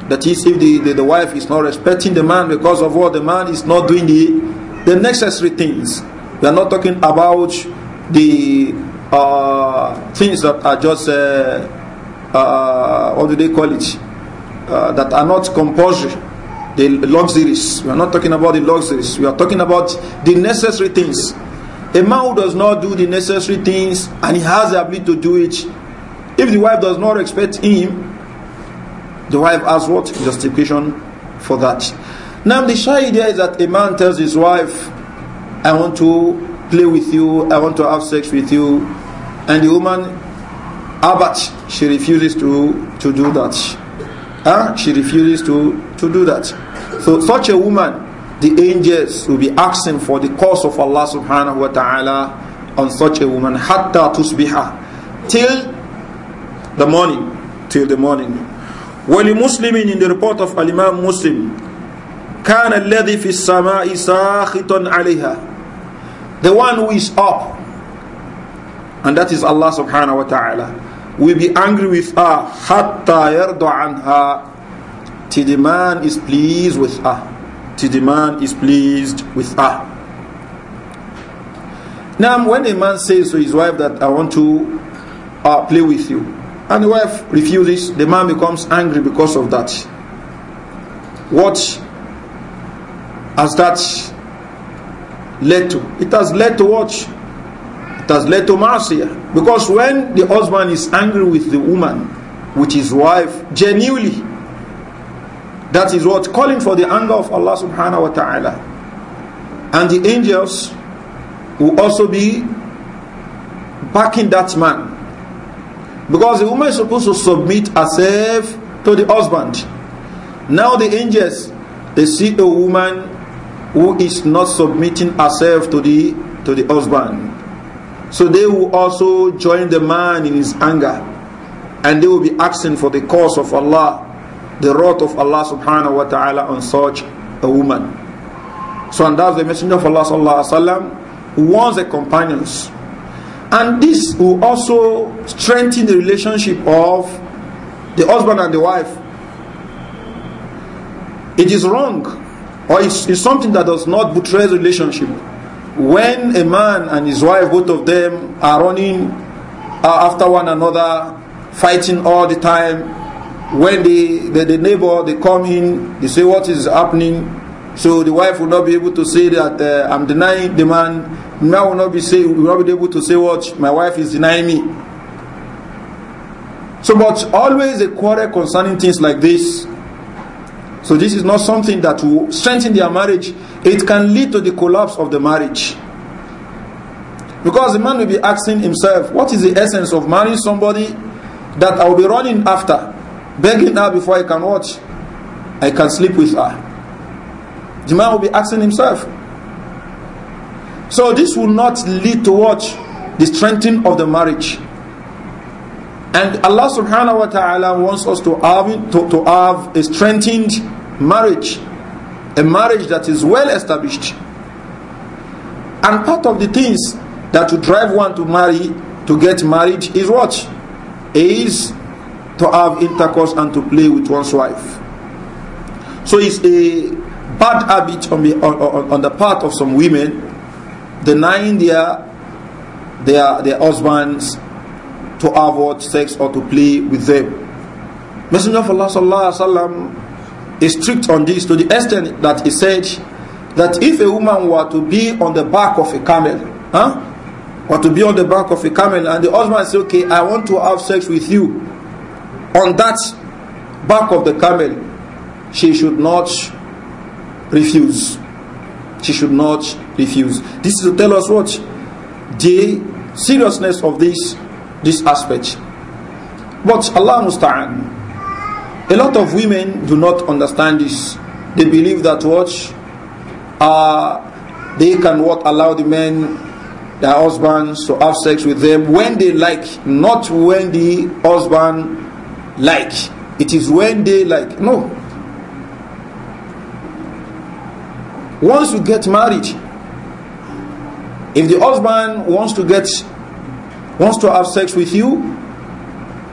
That is, if the, the, the wife is not respecting the man because of what the man is not doing the, the necessary things. We are not talking about the Uh, things that are just, uh, uh, what do they call it, uh, that are not compulsory, the luxuries. We are not talking about the luxuries. We are talking about the necessary things. A man who does not do the necessary things and he has the ability to do it, if the wife does not respect him, the wife has what? Justification for that. Now, the shy idea is that a man tells his wife, I want to play with you, I want to have sex with you, And the woman, Abat, she refuses to, to do that. Huh? Ah, she refuses to, to do that. So such a woman, the angels will be asking for the cause of Allah subhanahu wa ta'ala on such a woman. Hatta tusbiha. Till the morning. Till the morning. muslim in the report of Al-Imam Muslim كان الذي في السماء ساخط عليها the one who is up and that is Allah subhanahu wa ta'ala will be angry with her hatta yarda anha till the man is pleased with her till the man is pleased with her now when a man says to his wife that I want to uh, play with you and the wife refuses the man becomes angry because of that what has that led to it has led to what Has led to ma'asiyah. Because when the husband is angry with the woman, with his wife, genuinely, that is what calling for the anger of Allah subhanahu wa ta'ala. And the angels will also be backing that man. Because the woman is supposed to submit herself to the husband. Now the angels they see a woman who is not submitting herself to the to the husband So they will also join the man in his anger and they will be asking for the cause of Allah, the wrath of Allah subhanahu wa ta'ala on such a woman. So and that's the messenger of Allah sallallahu alaihi wasallam who warns the companions. And this will also strengthen the relationship of the husband and the wife. It is wrong or it's, it's something that does not buttress relationship when a man and his wife, both of them, are running uh, after one another, fighting all the time, when the, the, the neighbor, they come in, they say, what is happening? So the wife will not be able to say that uh, I'm denying the man. Man will not be say will not be able to say what my wife is denying me. So, but always a quarrel concerning things like this. So this is not something that will strengthen their marriage. It can lead to the collapse of the marriage. Because the man will be asking himself, what is the essence of marrying somebody that I will be running after, begging her before I can watch, I can sleep with her. The man will be asking himself. So this will not lead to what? The strengthening of the marriage. And Allah subhanahu wa ta'ala wants us to have, to, to have a strengthened marriage, a marriage that is well established. And part of the things that will drive one to marry, to get married, is what? Is to have intercourse and to play with one's wife. So it's a bad habit on the, on, on the part of some women denying their, their, their husbands to avoid sex or to play with them. Messenger of Allah sallallahu alaihi wasallam is strict on this to the extent that he said that if a woman were to be on the back of a camel, huh, or to be on the back of a camel, and the husband says, "Okay, I want to have sex with you," on that back of the camel, she should not refuse. She should not refuse. This is to tell us what the seriousness of this this aspect. But Allah musta'an. A lot of women do not understand this. They believe that what uh, they can what allow the men, their husbands, to have sex with them when they like, not when the husband like. It is when they like. No. Once you get married, if the husband wants to get wants to have sex with you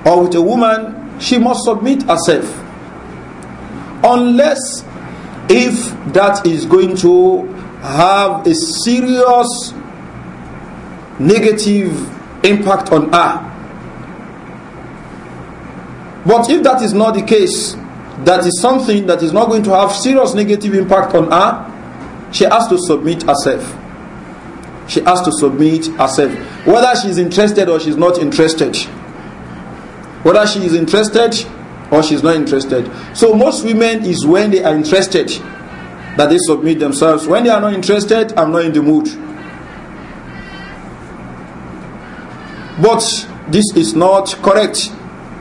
or with a woman, she must submit herself. Unless if that is going to have a serious negative impact on her. But if that is not the case, that is something that is not going to have serious negative impact on her, she has to submit herself she has to submit herself. Whether she is interested or she is not interested. Whether she is interested or she is not interested. So most women is when they are interested that they submit themselves. When they are not interested, I'm not in the mood. But this is not correct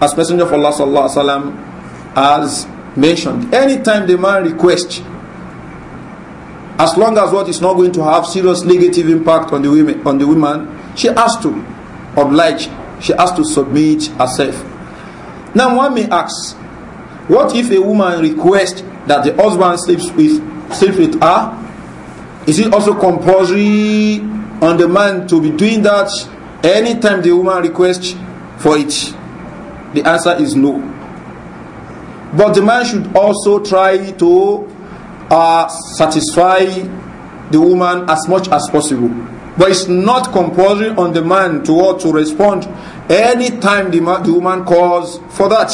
as Messenger of Allah sallallahu alaihi wasallam has mentioned. Anytime the man requests as long as what is not going to have serious negative impact on the women, on the woman, she has to oblige, she has to submit herself. Now one may ask, what if a woman requests that the husband sleeps with sleeps with her? Is it also compulsory on the man to be doing that anytime the woman requests for it? The answer is no. But the man should also try to uh, satisfy the woman as much as possible. But it's not compulsory on the man to what to respond any time the, the woman calls for that.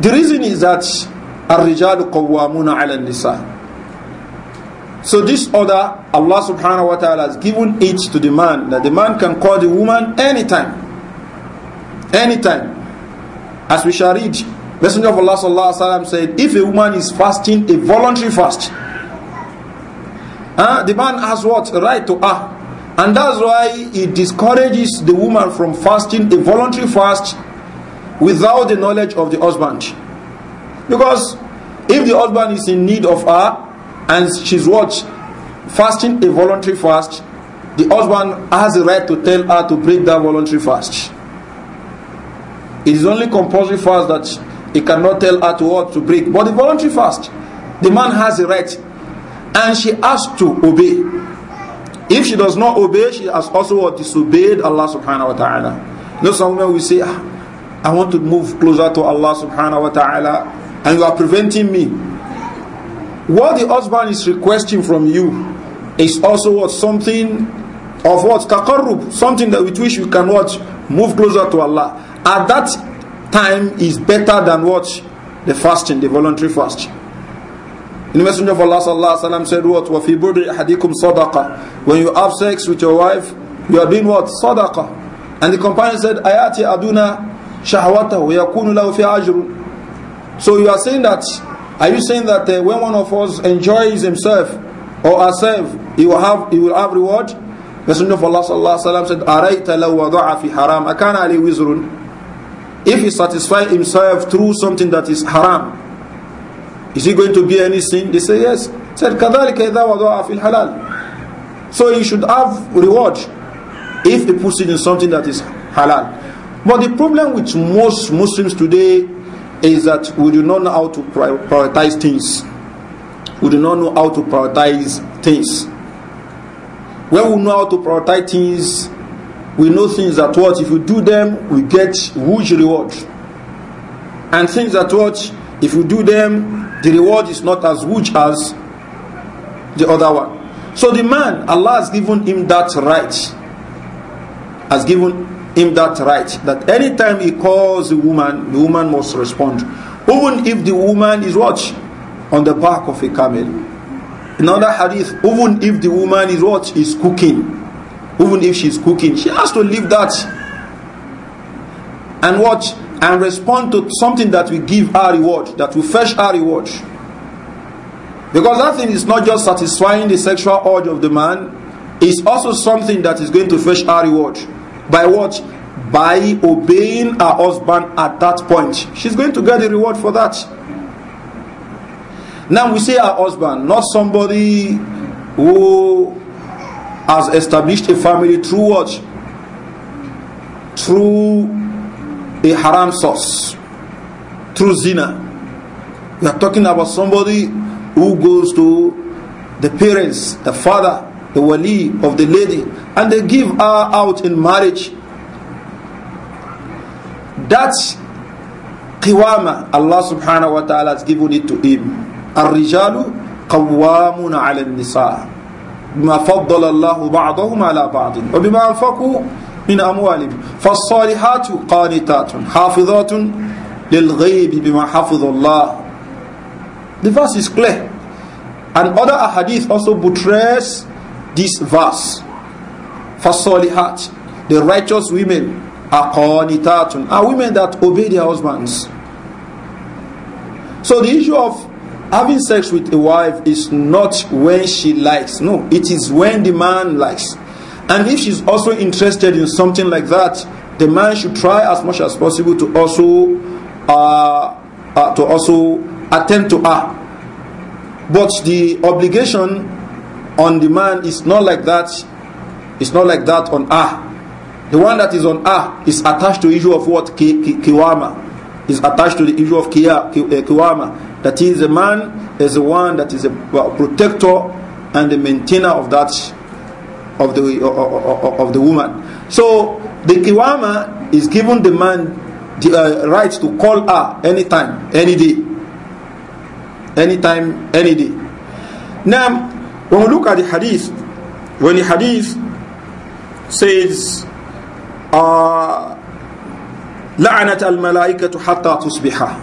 The reason is that الرجال قوامون على النساء. So this order, Allah subhanahu wa ta'ala has given it to the man that the man can call the woman anytime. Anytime. As we shall read Messenger of Allah sallallahu alaihi wasallam said, if a woman is fasting a voluntary fast, uh, the man has what right to her, and that's why he discourages the woman from fasting a voluntary fast without the knowledge of the husband, because if the husband is in need of her and she's what fasting a voluntary fast, the husband has the right to tell her to break that voluntary fast. It is only compulsory fast that He cannot tell her to what to break. But the voluntary fast, the man has a right and she has to obey. If she does not obey, she has also disobeyed Allah subhanahu wa ta'ala. You know, some women will say, ah, I want to move closer to Allah subhanahu wa ta'ala, and you are preventing me. What the husband is requesting from you is also what something of what? Takarrub, something that with which you can watch, Move closer to Allah. At that time is better than what? The fasting, the voluntary fasting. In the Messenger of Allah said what? When you have sex with your wife, you are doing what? Sadaqah. And the companion said, Ayati aduna shahwatahu yakunu lahu fi ajrun. So you are saying that, are you saying that uh, when one of us enjoys himself or herself, he will have, he will have reward? Messenger of Allah said, أَرَيْتَ لَوْ fi haram akana أَكَانَ wizrun." if he satisfies himself through something that is haram, is he going to be any sin? They say yes. Said كَذَلِكَ إِذَا وَضَعَ فِي halal. So he should have reward if he puts it in something that is halal. But the problem with most Muslims today is that we do not know how to prioritize things. We do not know how to prioritize things. When we know how to prioritize things, we know things that what if we do them we get huge reward and things that what if we do them the reward is not as huge as the other one so the man allah has given him that right has given him that right that anytime he calls the woman the woman must respond even if the woman is what on the back of a camel another hadith even if the woman is what is cooking even if she's cooking. She has to leave that and watch and respond to something that will give her reward, that will fetch her reward. Because that thing is not just satisfying the sexual urge of the man, it's also something that is going to fetch her reward. By what? By obeying her husband at that point. She's going to get the reward for that. Now we say her husband, not somebody who has established a family through what? Through a haram source, through zina. We are talking about somebody who goes to the parents, the father, the wali of the lady, and they give her out in marriage. That qiwama, Allah subhanahu wa ta'ala has given it to him. الرجال قوامون على النساء بما فضل الله بعضهم على بعض وبما أنفقوا من أموالهم فالصالحات قانتات حافظات للغيب بما حفظ Allah The verse is clear and other ahadith also buttress this verse salihat, The righteous women are qanitatun are women that obey their husbands So the issue of having sex with a wife is not when she likes. No, it is when the man likes. And if she's also interested in something like that, the man should try as much as possible to also uh, uh, to also attend to her. But the obligation on the man is not like that. It's not like that on her. The one that is on her is attached to issue of what ki ki kiwama is attached to the issue of eh, Kiwama. That is, a man is the one that is a protector and the maintainer of that of the of the woman. So the Kiwama is given the man the uh, right to call her anytime, any day, anytime, any day. Now, when we look at the hadith, when the hadith says. Uh, al malaikatu hatta تصبح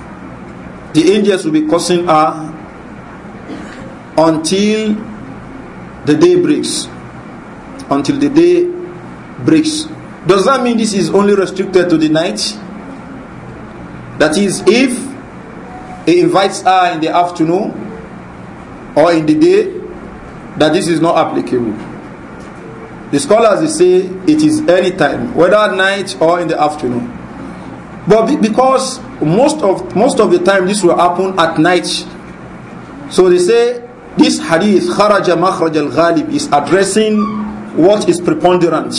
the angels will be cursing her until the day breaks until the day breaks does that mean this is only restricted to the night that is if he invites her in the afternoon or in the day that this is not applicable the scholars they say it is any time whether at night or in the afternoon But because most of most of the time this will happen at night, so they say this hadith kharaja makhraj al-ghalib is addressing what is preponderant.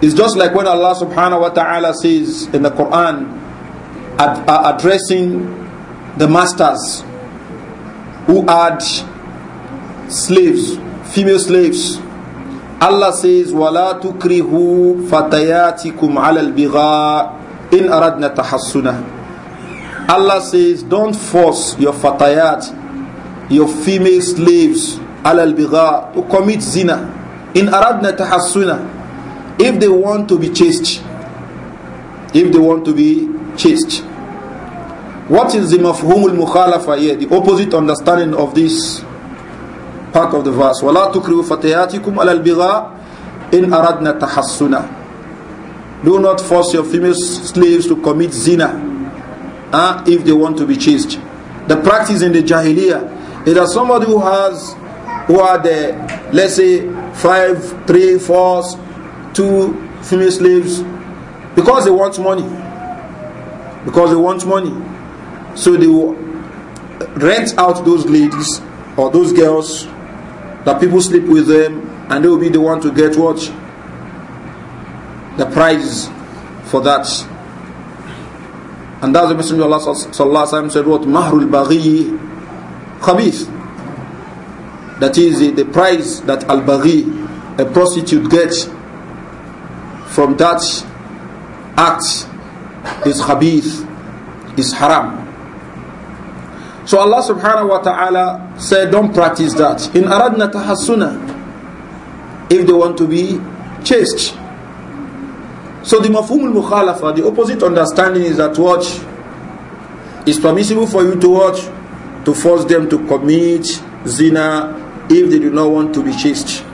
It's just like when Allah subhanahu wa ta'ala says in the Quran ad uh, addressing the masters who had slaves, female slaves. Allah says, وَلَا تُكْرِهُ فَتَيَاتِكُمْ al الْبِغَاءِ in aradna tahassuna. Allah says, don't force your fatayat, your female slaves, al bigha, to commit zina. In aradna tahassuna, if they want to be chaste, if they want to be chaste. What is the mafhum al-mukhalafa here, the opposite understanding of this part of the verse? وَلَا تُكْرِهُ فَتَيَاتِكُمْ al الْبِغَاءِ in aradna tahassuna Do not force your female slaves to commit zina uh, if they want to be chaste. The practice in the Jahiliyyah is that somebody who has, who are the, let's say, five, three, four, two female slaves because they want money. Because they want money. So they will rent out those ladies or those girls that people sleep with them and they will be the one to get what? the price for that. And that's the Messenger of Allah said, "What mahrul baghi khabith." That is the, prize price that al baghi, a prostitute, gets from that act is khabith, is haram. So Allah subhanahu wa ta'ala said, don't practice that. In aradna tahassuna, if they want to be chaste. So the mafhumul mukhalafa, the opposite understanding is that watch is permissible for you to watch to force them to commit zina if they do not want to be chaste.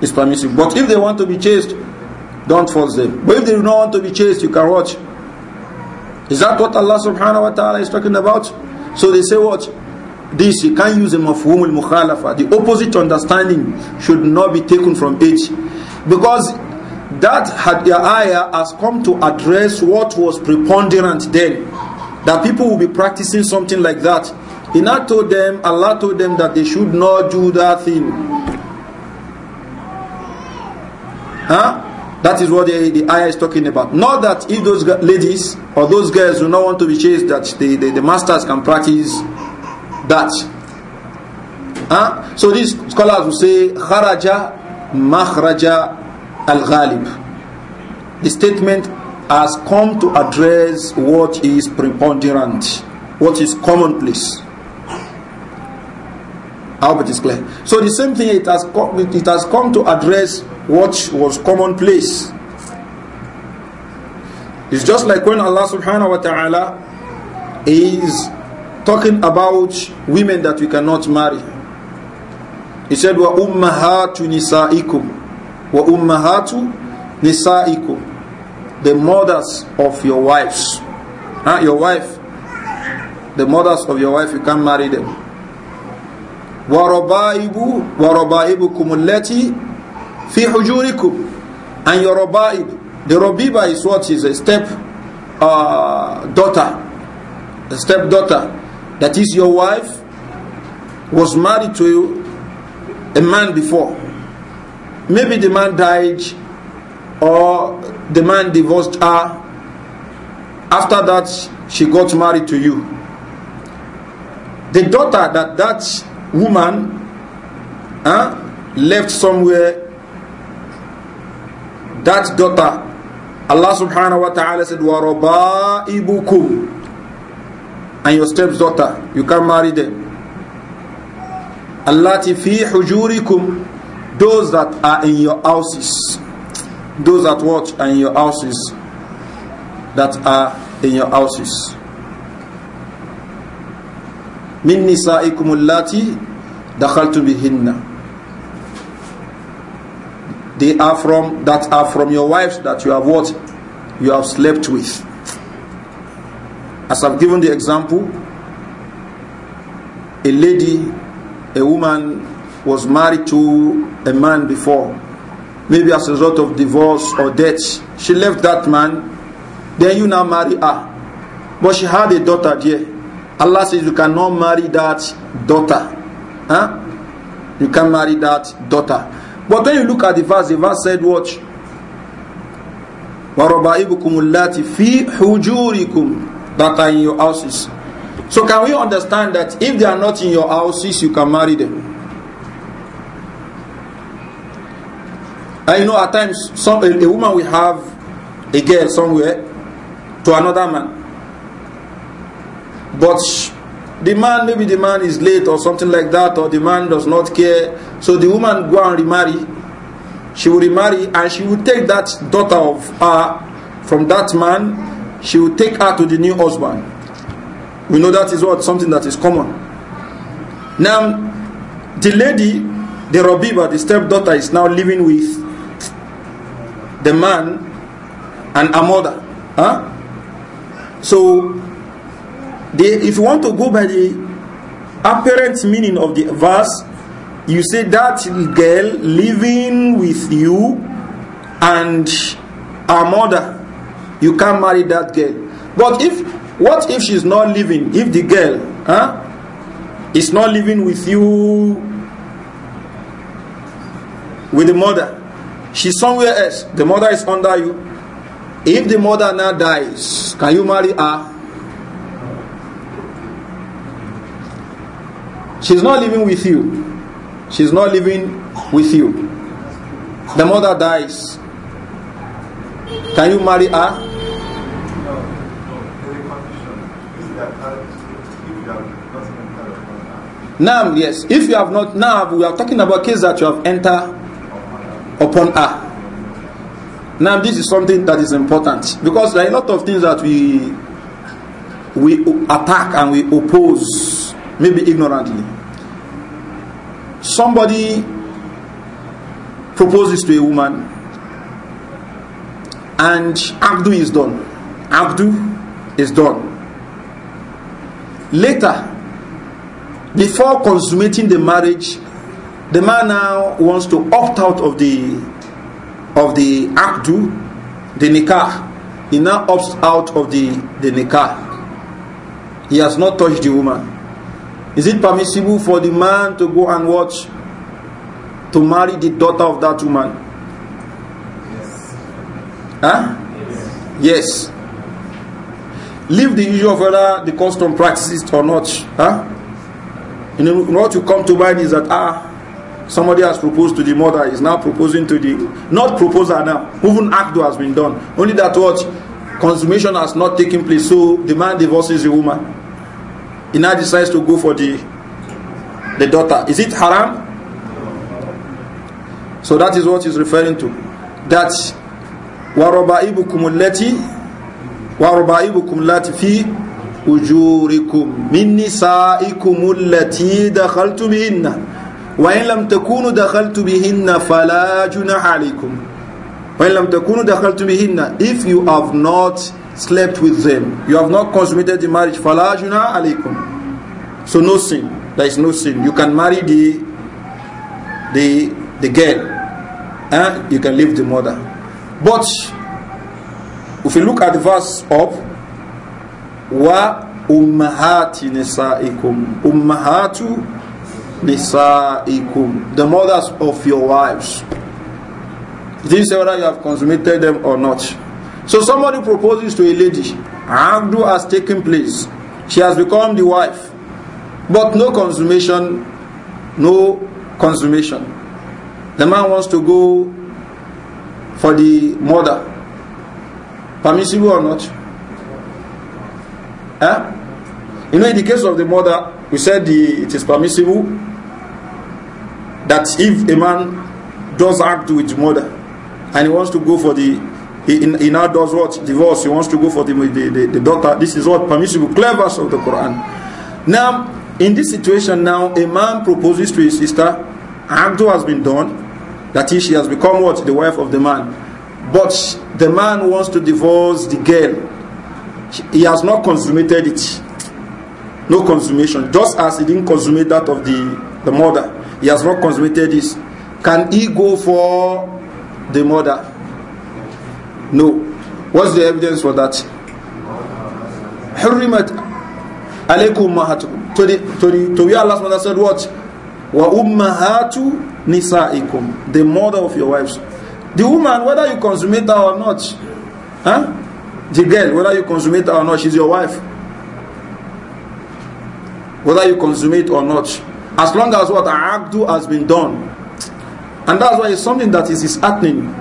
It's permissible. But if they want to be chaste, don't force them. But if they do not want to be chaste, you can watch. Is that what Allah subhanahu wa ta'ala is talking about? So they say what? This, you can't use a mafhumul mukhalafa. The opposite understanding should not be taken from it. Because that had their ayah has come to address what was preponderant then, that people will be practicing something like that. He not told them, Allah told them that they should not do that thing. Huh? That is what the, the ayah is talking about. Not that if those ladies or those girls do not want to be chased, that the, the, the masters can practice that. Huh? So these scholars will say, kharaja makhraja al-ghalib. The statement has come to address what is preponderant, what is commonplace. I hope it is clear. So the same thing it has come, it has come to address what was commonplace. It's just like when Allah subhanahu wa ta'ala is talking about women that we cannot marry. He said, Wa ummahatun nisaikum wa ummahatu nisaikum the mothers of your wives huh? your wife the mothers of your wife you can marry them wa rabaibu wa rabaibukum allati fi hujurikum and your rabaib the rabiba is what is a step uh, daughter a step daughter that is your wife was married to you, a man before Maybe the man died or the man divorced her. After that, she got married to you. The daughter that that woman huh, left somewhere, that daughter, Allah subhanahu wa ta'ala said, "Waraba وَرَبَائِبُكُمْ and your daughter, you can marry them. Allah fi hujurikum those that are in your houses those that watch are in your houses that are in your houses min nisaikum allati dakhaltu bihinna they are from that are from your wives that you have what you have slept with as i've given the example a lady a woman was married to a man before, maybe as a result of divorce or death. She left that man, then you now marry her. But she had a daughter there. Allah says you cannot marry that daughter. Huh? You can marry that daughter. But when you look at the verse, the verse said, Watch. وَرَبَائِبُكُمُ اللَّاتِ فِي حُجُورِكُمْ That are in your houses. So can we understand that if they are not in your houses, you can marry them? And you know, at times, some, a, a woman will have a girl somewhere to another man. But the man, maybe the man is late or something like that, or the man does not care. So the woman go and remarry. She will remarry and she will take that daughter of her from that man. She will take her to the new husband. We know that is what something that is common. Now, the lady, the robiba, the stepdaughter, is now living with the man and a mother. Huh? So, they, if you want to go by the apparent meaning of the verse, you say that girl living with you and a mother, you can't marry that girl. But if what if she's not living? If the girl huh, is not living with you, with the mother, She's somewhere else. The mother is under you. If the mother now dies, can you marry her? She's not living with you. She's not living with you. The mother dies. Can you marry her? Now, yes. If you have not, now we are talking about cases that you have entered upon her. Now, this is something that is important because there are a lot of things that we we attack and we oppose, maybe ignorantly. Somebody proposes to a woman, and Abdu is done. Abdu is done. Later, before consummating the marriage, the man now wants to opt out of the of the akdu, the nikah. He now opts out of the, the nikah. He has not touched the woman. Is it permissible for the man to go and watch to marry the daughter of that woman? Yes. Huh? Yes. yes. Leave the issue of whether the custom practices or not. Huh? And what you come to mind is that ah somebody has proposed to the mother is now proposing to the not proposer now even akdu has been done only that what consummation has not taken place so the man divorces the woman he now decides to go for the the daughter is it haram so that is what he's referring to that ibu warabaibukum allati ibu allati fi ujurikum min nisaikum allati dakhaltum minna وإن لم تكونوا دخلت بهن فلا جناح عليكم وإن لم تكونوا دخلت بهن if you have not slept with them you have not consummated the marriage فلا جناح عليكم so no sin there is no sin you can marry the the the girl and you can leave the mother but if you look at the verse up wa ummahati nisaikum ummahatu nisaikum, the mothers of your wives. This is whether you have consummated them or not. So somebody proposes to a lady. Abdu has taken place. She has become the wife. But no consummation, no consummation. The man wants to go for the mother. Permissible or not? Huh? Eh? You know, in the case of the mother, we said the, it is permissible that if a man does act with his mother and he wants to go for the he, he now does what divorce he wants to go for the, the, the, the daughter this is what permissible clevers of the quran now in this situation now a man proposes to his sister Abdu has been done that is she has become what the wife of the man but the man wants to divorce the girl he has not consummated it no consummation just as he didn't consummate that of the the mother he has not consummated this can he go for the murder no what's the evidence for that حرمت عليكم امهاتكم to the to the to where Allah subhanahu said what wa ummahatu nisaikum the mother of your wives the woman whether you consummate her or not huh the girl whether you consummate her or not she's your wife whether you consummate or not as long as what Aqdu has been done. And that's why it's something that is, is happening.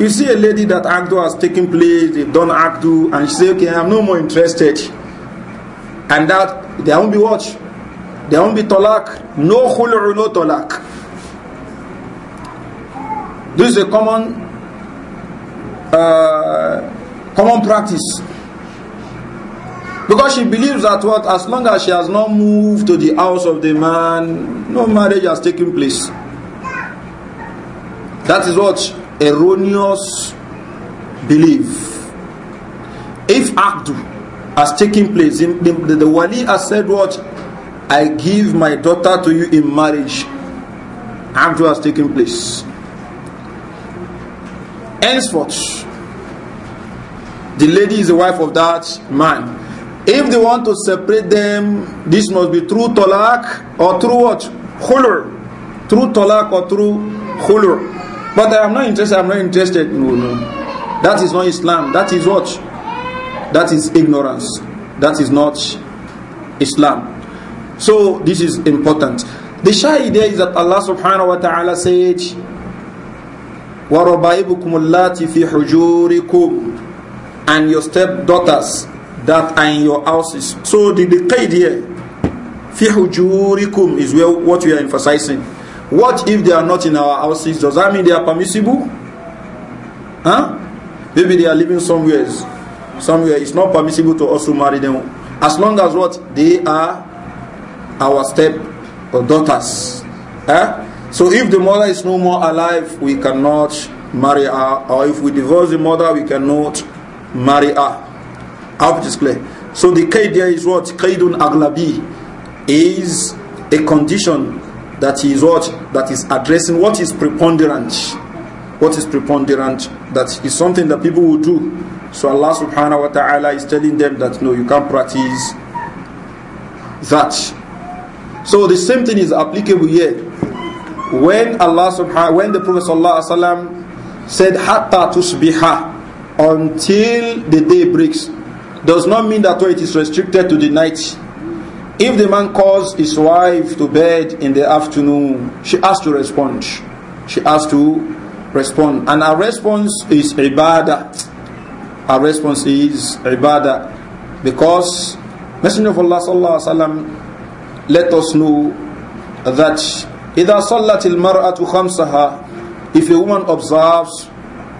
You see a lady that Aqdu has taken place, they've done Aqdu, and she say, okay, I'm no more interested. And that, they won't be watched, they won't be talak. No khul'u, no talak. This is a common, uh, common practice Because she believes that what, as long as she has not moved to the house of the man, no marriage has taken place. That is what erroneous belief. If Abdu has taken place, the, the, the wali has said what, I give my daughter to you in marriage. Abdu has taken place. Henceforth, the lady is the wife of that man. If they want to separate them, this must be through talaq or through what? Khulur. Through talaq or through khulur. But I am not interested, I am not interested. No, no. That is not Islam. That is what? That is ignorance. That is not Islam. So this is important. The shy idea is that Allah subhanahu wa ta'ala said, وَرَبَائِبُكُمُ اللَّاتِ fi hujurikum," And your stepdaughters that are in your houses. So the, the qaid here, fihujurikum is where, what we are emphasizing. What if they are not in our houses? Does that mean they are permissible? Huh? Maybe they are living somewhere. Somewhere it's not permissible to also marry them. As long as what they are our step or daughters. Huh? So if the mother is no more alive, we cannot marry her. Or if we divorce the mother, we cannot marry her. I hope it is clear. So the qaid there is what? Qaidun aglabi is a condition that is what? That is addressing what is preponderant. What is preponderant? That is something that people will do. So Allah subhanahu wa ta'ala is telling them that no, you can't practice that. So the same thing is applicable here. When Allah subhanahu when the Prophet sallallahu alaihi wasallam said hatta tusbiha until the day breaks does not mean that it is restricted to the night. If the man calls his wife to bed in the afternoon, she has to respond. She has to respond. And her response is ibadah. Her response is ibadah. Because Messenger of Allah sallallahu alaihi wasallam let us know that إذا صلت المرأة خمسها if a woman observes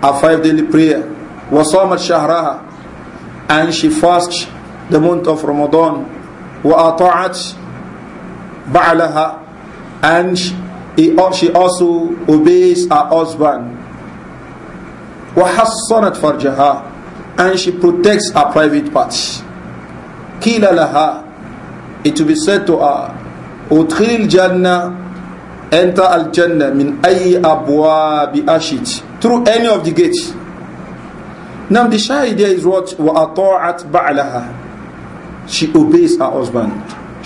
a five daily prayer وصامت شهرها and she fasted the month of Ramadan وأطاعت بعلها and she also obeys her husband وحصنت فرجها and she protects her private parts قيل لها it will be said to her ادخل الجنة enter الجنة من أي أبواب أشت through any of the gates Now the shy idea is what wa وَأَطَاعَتْ بَعْلَهَا She obeys her husband.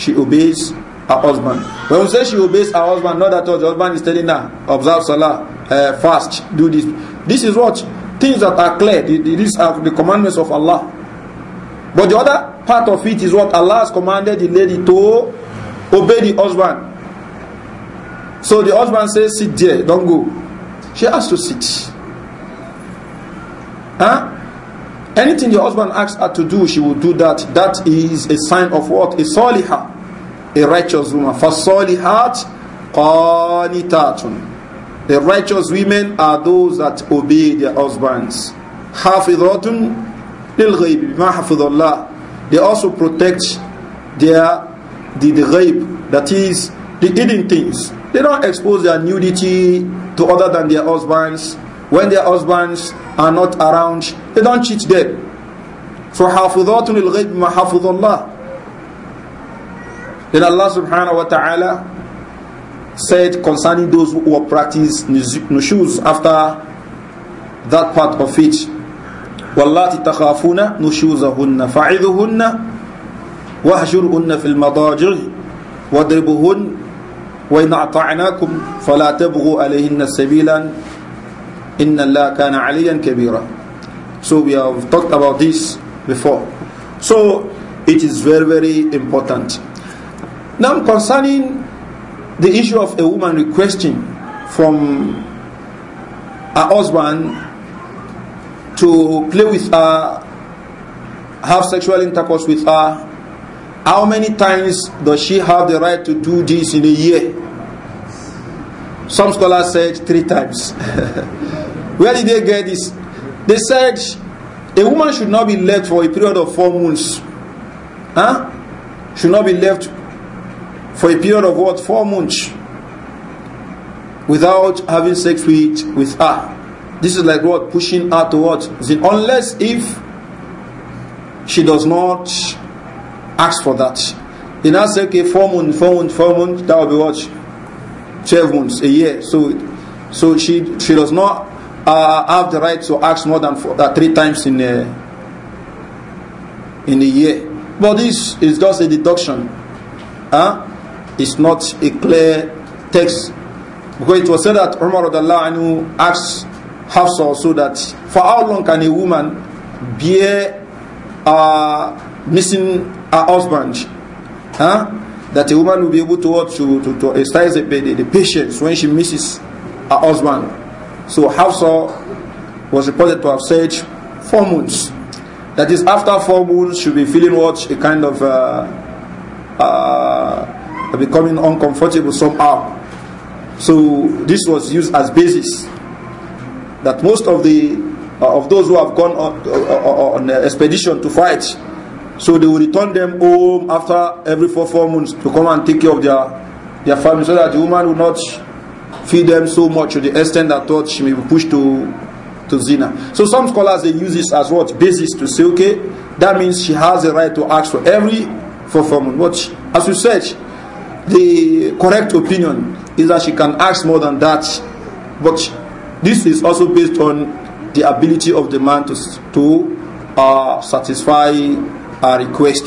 She obeys her husband. When we say she obeys her husband, not at all. The husband is telling her, observe salah, uh, fast, do this. This is what? Things that are clear. These are the commandments of Allah. But the other part of it is what Allah has commanded the lady to obey the husband. So the husband says, sit there, don't go. She has to sit. Huh? Anything the husband asks her to do, she will do that. That is a sign of what? A soliha, a righteous woman. For solihat, qanitatun. The righteous women are those that obey their husbands. Hafidhatun lil ghayb, bima hafidhullah. They also protect their the, the ghaib, that is the hidden things. They don't expose their nudity to other than their husbands when their husbands are not around, they don't cheat them. For hafidhatun الْغَيْبِ مَا ma اللَّهِ Then Allah subhanahu wa ta'ala said concerning those who practice nushuz after that part of it. وَاللَّاتِ تَخَافُونَ نُشُوزَهُنَّ فَعِذُهُنَّ وَهْجُرْهُنَّ فِي الْمَضَاجِرِ وَاضْرِبُهُنَّ وَإِنْ أَطَعْنَاكُمْ فَلَا تَبْغُوا عَلَيْهِنَّ سَبِيلًا Inna Allah kana aliyan kabira. So we have talked about this before. So it is very, very important. Now concerning the issue of a woman requesting from her husband to play with her, have sexual intercourse with her, how many times does she have the right to do this in a year? Some scholars said three times. Where did they get this? They said a woman should not be left for a period of four months. Huh? Should not be left for a period of what? Four months without having sex with, with her. This is like what? Pushing her towards sin. Unless if she does not ask for that. They now say, okay, four months, four months, four months, that will be what? Twelve months, a year. So, so she, she does not uh, have the right to ask more than four, uh, three times in a, in a year. But this is just a deduction. Huh? It's not a clear text. Because it was said that Umar anhu asked Hafsa also that for how long can a woman bear uh, missing her husband? Huh? That a woman will be able to, to, to, to exercise the, the, the patience when she misses her husband. So Hafsa was reported to have said four moons. That is, after four moons, should be feeling what a kind of uh, uh, becoming uncomfortable somehow. So this was used as basis that most of the uh, of those who have gone on, uh, uh, on expedition to fight, so they will return them home after every four four moons to come and take care of their their family, so that the woman will not feed them so much to the extent that thought she may be pushed to to zina. So some scholars they use this as what basis to say, okay, that means she has a right to ask for every for from what as you said, the correct opinion is that she can ask more than that, but this is also based on the ability of the man to to uh, satisfy a request.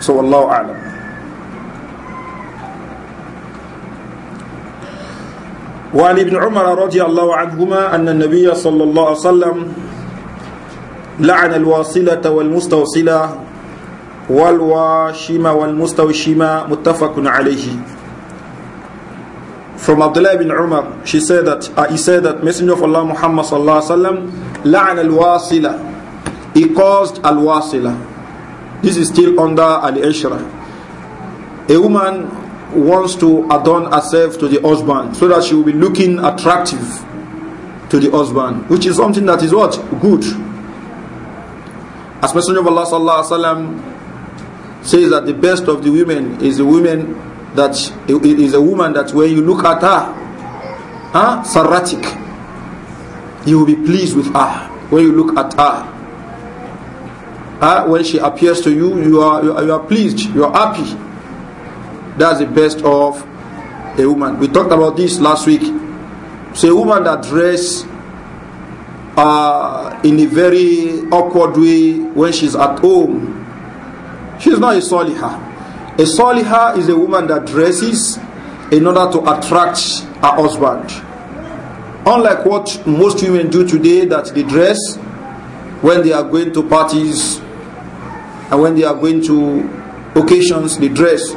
So Allah alam. وعن ابن عمر رضي الله عنهما أن النبي صلى الله عليه وسلم لعن الواصلة والمستوصلة والواشمة والمستوشمة متفق عليه From Abdullah ibn Umar, she said that, uh, he said that Messenger of Allah Muhammad sallallahu alaihi wasallam لعن الواصلة He caused al-wasila. This is still under al-ishra. A woman wants to adorn herself to the husband so that she will be looking attractive to the husband, which is something that is what? Good. As Messenger of Allah sallallahu alaihi wasallam says that the best of the women is a woman that is a woman that when you look at her, huh, saratic, you will be pleased with her when you look at her. Huh? When she appears to you, you are, you are pleased, you are happy. That's the best of a woman. We talked about this last week. So a woman that dress uh, in a very awkward way when she's at home, she's not a soliha. A soliha is a woman that dresses in order to attract her husband. Unlike what most women do today, that they dress when they are going to parties and when they are going to occasions, they dress.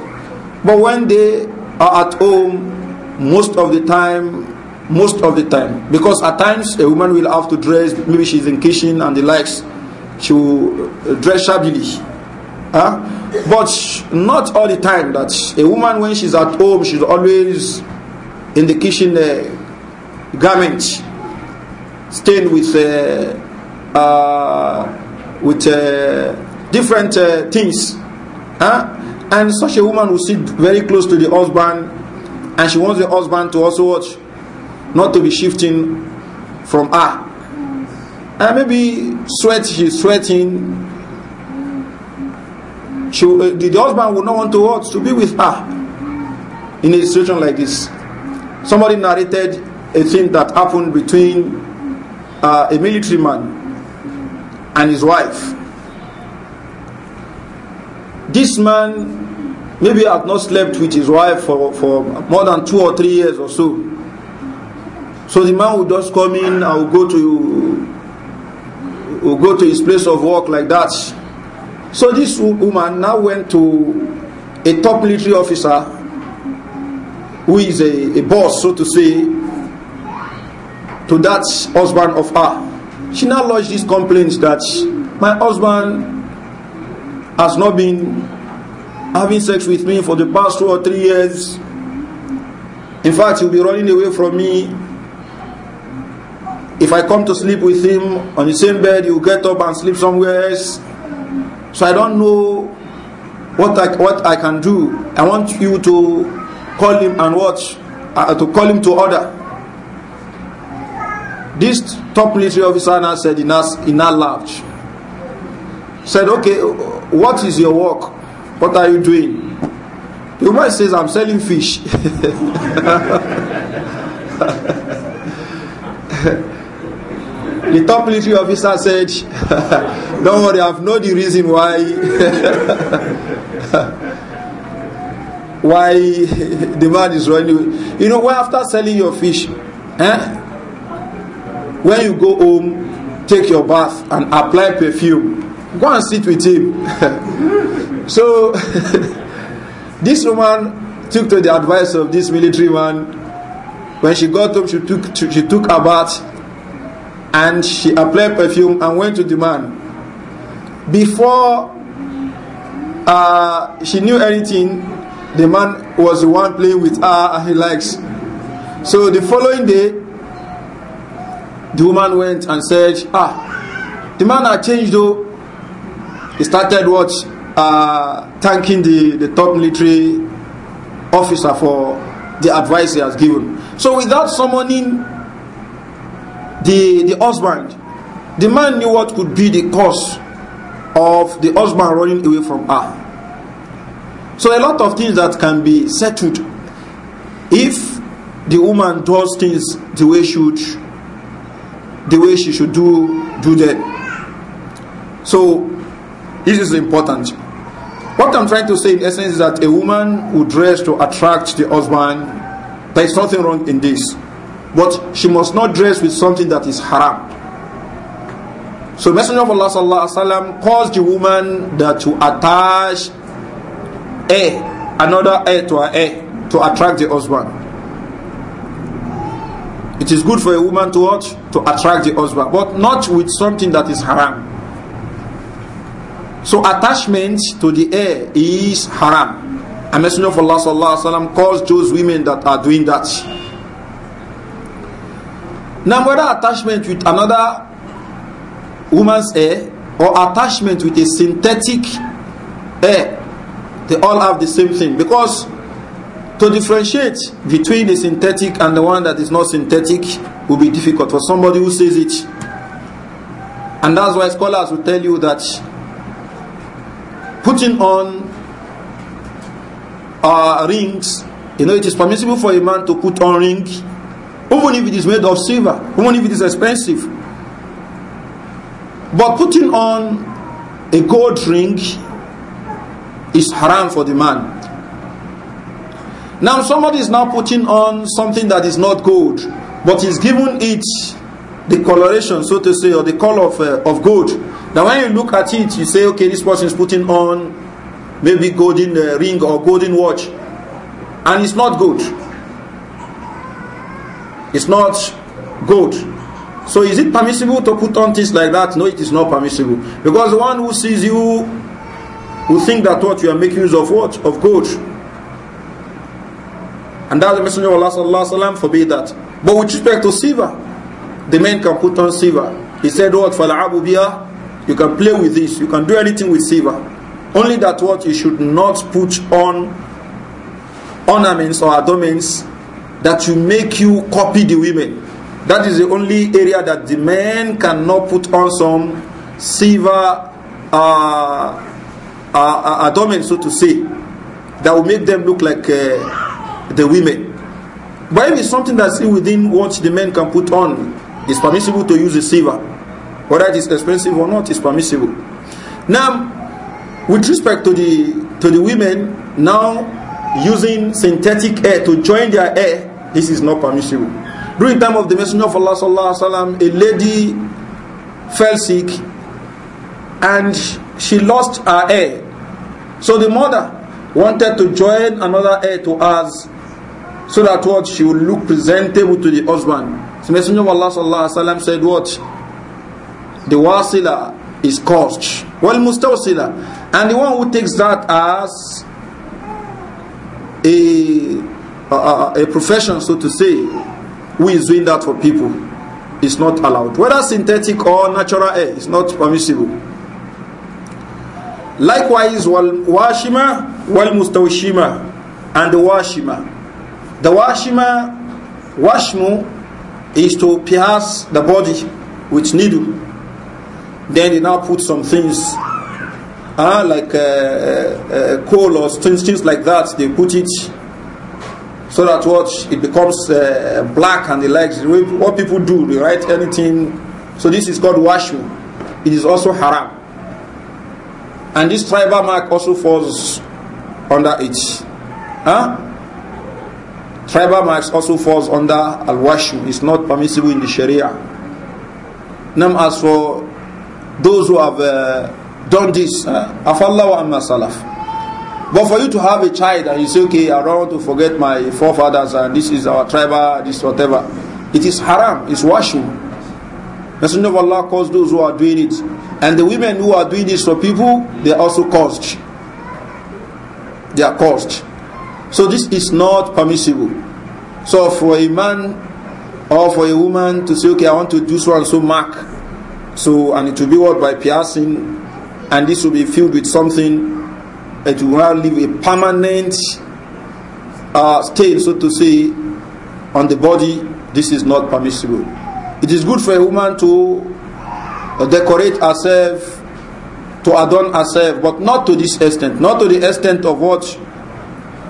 But when they are at home, most of the time, most of the time, because at times a woman will have to dress, maybe she's in kitchen and the likes, she will uh, dress shabbily. Huh? But not all the time that a woman when she's at home, she's always in the kitchen uh, garment, stained with uh, uh, with uh, different uh, things. Huh? And such a woman will sit very close to the husband and she wants the husband to also watch, not to be shifting from her. And maybe sweat, she's sweating. She, uh, the, the husband would not want to watch, to be with her in a situation like this. Somebody narrated a thing that happened between uh, a military man and his wife this man maybe had not slept with his wife for, for more than two or three years or so. So the man would just come in and will go to will go to his place of work like that. So this woman now went to a top military officer who is a, a boss, so to say, to that husband of her. She now lodged this complaint that my husband has not been having sex with me for the past two or three years. In fact, he'll be running away from me. If I come to sleep with him on the same bed, he'll get up and sleep somewhere else. So I don't know what I, what I can do. I want you to call him and watch, uh, to call him to order. This top military officer now said, he now, he now laughed said, okay, what is your work? What are you doing? The woman says, I'm selling fish. the top military officer said, Don't worry, I've know the reason why why the man is running. You know, why after selling your fish, eh? when you go home, take your bath and apply perfume. Go and sit with him. so this woman took to the advice of this military man. When she got up, she took she took a bath and she applied perfume and went to the man. Before uh, she knew anything, the man was the one playing with her and he likes. So the following day, the woman went and said, Ah, the man had changed though he started what uh, thanking the, the top military officer for the advice he has given. So without summoning the the husband, the man knew what could be the cause of the husband running away from her. So a lot of things that can be settled if the woman does things the way she should the way she should do do them. So This is important. What I'm trying to say in essence is that a woman who dress to attract the husband, there is nothing wrong in this. But she must not dress with something that is haram. So Messenger of Allah sallallahu alaihi wasallam caused the woman that to attach a another a to her a to attract the husband. It is good for a woman to watch to attract the husband, but not with something that is haram. So attachment to the hair is haram. A messenger of Allah sallallahu alaihi wasallam calls those women that are doing that. Now whether attachment with another woman's hair or attachment with a synthetic hair, they all have the same thing because to differentiate between the synthetic and the one that is not synthetic will be difficult for somebody who says it. And that's why scholars will tell you that putting on uh, rings. You know, it is permissible for a man to put on ring, even if it is made of silver, even if it is expensive. But putting on a gold ring is haram for the man. Now, somebody is now putting on something that is not gold, but is given it the coloration, so to say, or the color of, uh, of gold. Now, when you look at it, you say, okay, this person is putting on maybe golden uh, ring or golden watch, and it's not good. It's not good. So, is it permissible to put on things like that? No, it is not permissible because the one who sees you will think that what you are making use of what of gold. And that's the Messenger of Allah sallam, forbid that. But with respect to silver, the man can put on silver. He said, What? Abu Biya?' You can play with this. You can do anything with silver. Only that what you should not put on ornaments or adornments that will make you copy the women. That is the only area that the men cannot put on some silver uh, uh, uh adornment, so to say, that will make them look like uh, the women. But if it's something that's within what the men can put on, it's permissible to use the silver whether it is expensive or not is permissible. Now, with respect to the to the women now using synthetic hair to join their hair, this is not permissible. During time of the Messenger of Allah sallallahu alaihi wasallam, a lady fell sick and she lost her hair. So the mother wanted to join another hair to us so that what she would look presentable to the husband. The Messenger of Allah sallallahu alaihi wasallam said what the wasila is caused. Well, mustawsila. And the one who takes that as a, a, a profession, so to say, who is doing that for people, is not allowed. Whether synthetic or natural air, is not permissible. Likewise, wal washima, wal mustawshima, and the washima. The washima, washmu, is to pierce the body with needle Then they now put some things ah, uh, like uh, uh, coal or things, things like that. They put it so that what it becomes uh, black and the legs. What people do, they write anything. So this is called washu. It is also haram. And this tribal mark also falls under it. Huh? Tribal marks also falls under al-washu. It's not permissible in the Sharia. Now as for those who have uh, done this. Uh, Afallah wa amma salaf. But for you to have a child and you say, okay, I don't want to forget my forefathers and this is our tribe, this whatever. It is haram, it's washing. Messenger of Allah calls those who are doing it. And the women who are doing this for people, they are also caused. They are caused. So this is not permissible. So for a man or for a woman to say, okay, I want to do so and so mark So, and it will be what by piercing, and this will be filled with something. It will now leave a permanent uh, stain, so to say, on the body. This is not permissible. It is good for a woman to uh, decorate herself, to adorn herself, but not to this extent, not to the extent of what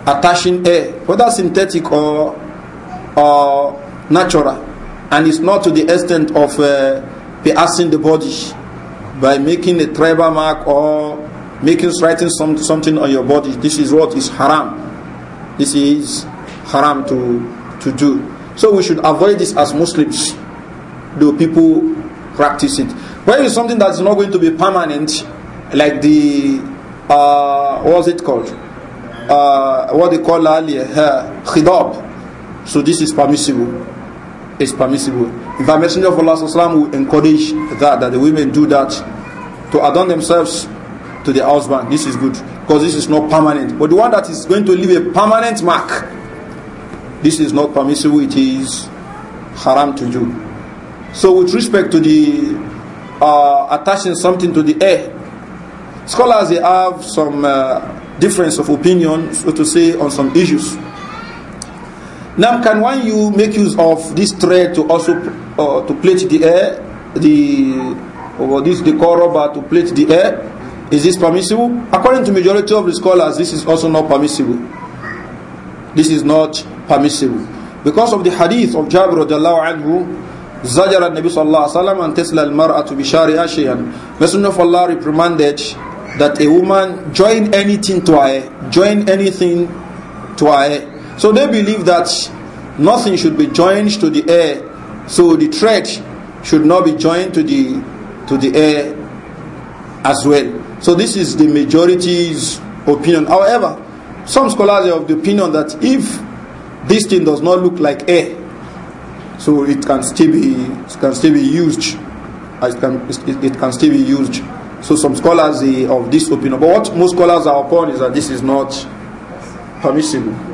attaching hair, whether synthetic or, or natural, and it's not to the extent of. Uh, asking the body by making a tribal mark or making writing some, something on your body. This is what is haram. This is haram to, to do. So we should avoid this as Muslims, though people practice it. Where is something that's not going to be permanent, like the, uh, what was it called? Uh, what they call earlier, uh, khidab. So this is permissible is permissible. In fact, Messenger of Allah Islam will encourage that, that the women do that to adorn themselves to the husband. This is good because this is not permanent. But the one that is going to leave a permanent mark, this is not permissible, it is haram to do. So, with respect to the uh, attaching something to the air, scholars they have some uh, difference of opinion, so to say, on some issues. Now, can one you make use of this thread to also uh, to plate the air, the or this the rubber to plate the air? Is this permissible? According to majority of the scholars, this is also not permissible. This is not permissible because of the hadith of Jabir radiallahu anhu. Zajar Nabi sallallahu alaihi wasallam and Tesla al-mar'atu bi shari'a shay'an. Messenger of Allah reprimanded that a woman join anything to her, join anything to her So they believe that nothing should be joined to the air. So the thread should not be joined to the to the air as well. So this is the majority's opinion. However, some scholars are of the opinion that if this thing does not look like air, so it can still be it can still be used. It can it, it can still be used. So some scholars are eh, of this opinion. But what most scholars are upon is that this is not permissible.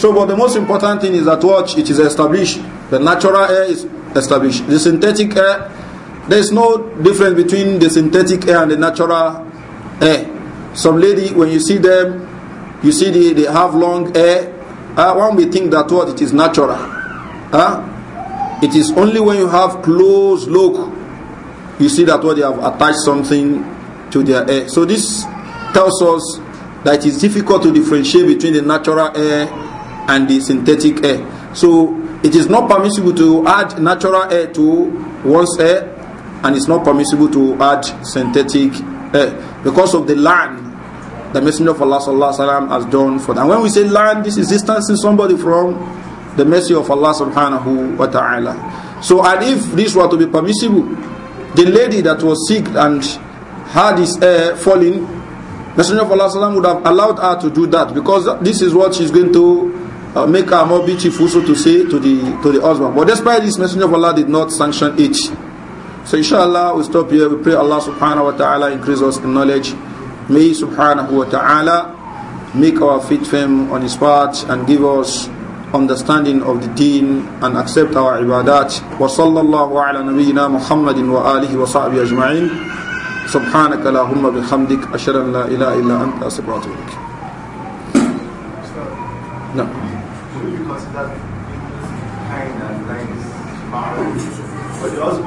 So, but the most important thing is that watch, it is established. The natural air is established. The synthetic air, there is no difference between the synthetic air and the natural air. Some lady, when you see them, you see the, they have long hair. Uh, one may think that what it is natural. Huh? Ah, it is only when you have close look, you see that what they have attached something to their hair. So this tells us that it is difficult to differentiate between the natural air and the synthetic air, So it is not permissible to add natural air to one's air, and it's not permissible to add synthetic air because of the land the Messenger of Allah sallallahu alaihi wasallam has done for them. And when we say land, this is distancing somebody from the mercy of Allah subhanahu wa ta'ala. So, and if this were to be permissible, the lady that was sick and had his air falling, Messenger of Allah sallallahu would have allowed her to do that because this is what she's going to uh, make her more beautiful, so to say, to the to the husband. But despite this, Messenger of Allah did not sanction it. So inshallah, we stop here. We pray Allah subhanahu wa ta'ala increase us in knowledge. May subhanahu wa ta'ala make our feet firm on his path and give us understanding of the deen and accept our ibadat. Wa sallallahu ala nabiyyina Muhammadin wa alihi wa sahbihi ajma'in. سبحانك اللهم بحمدك أشهد أن لا illa anta أنت أستغفرك that kind of nice marriage. But you also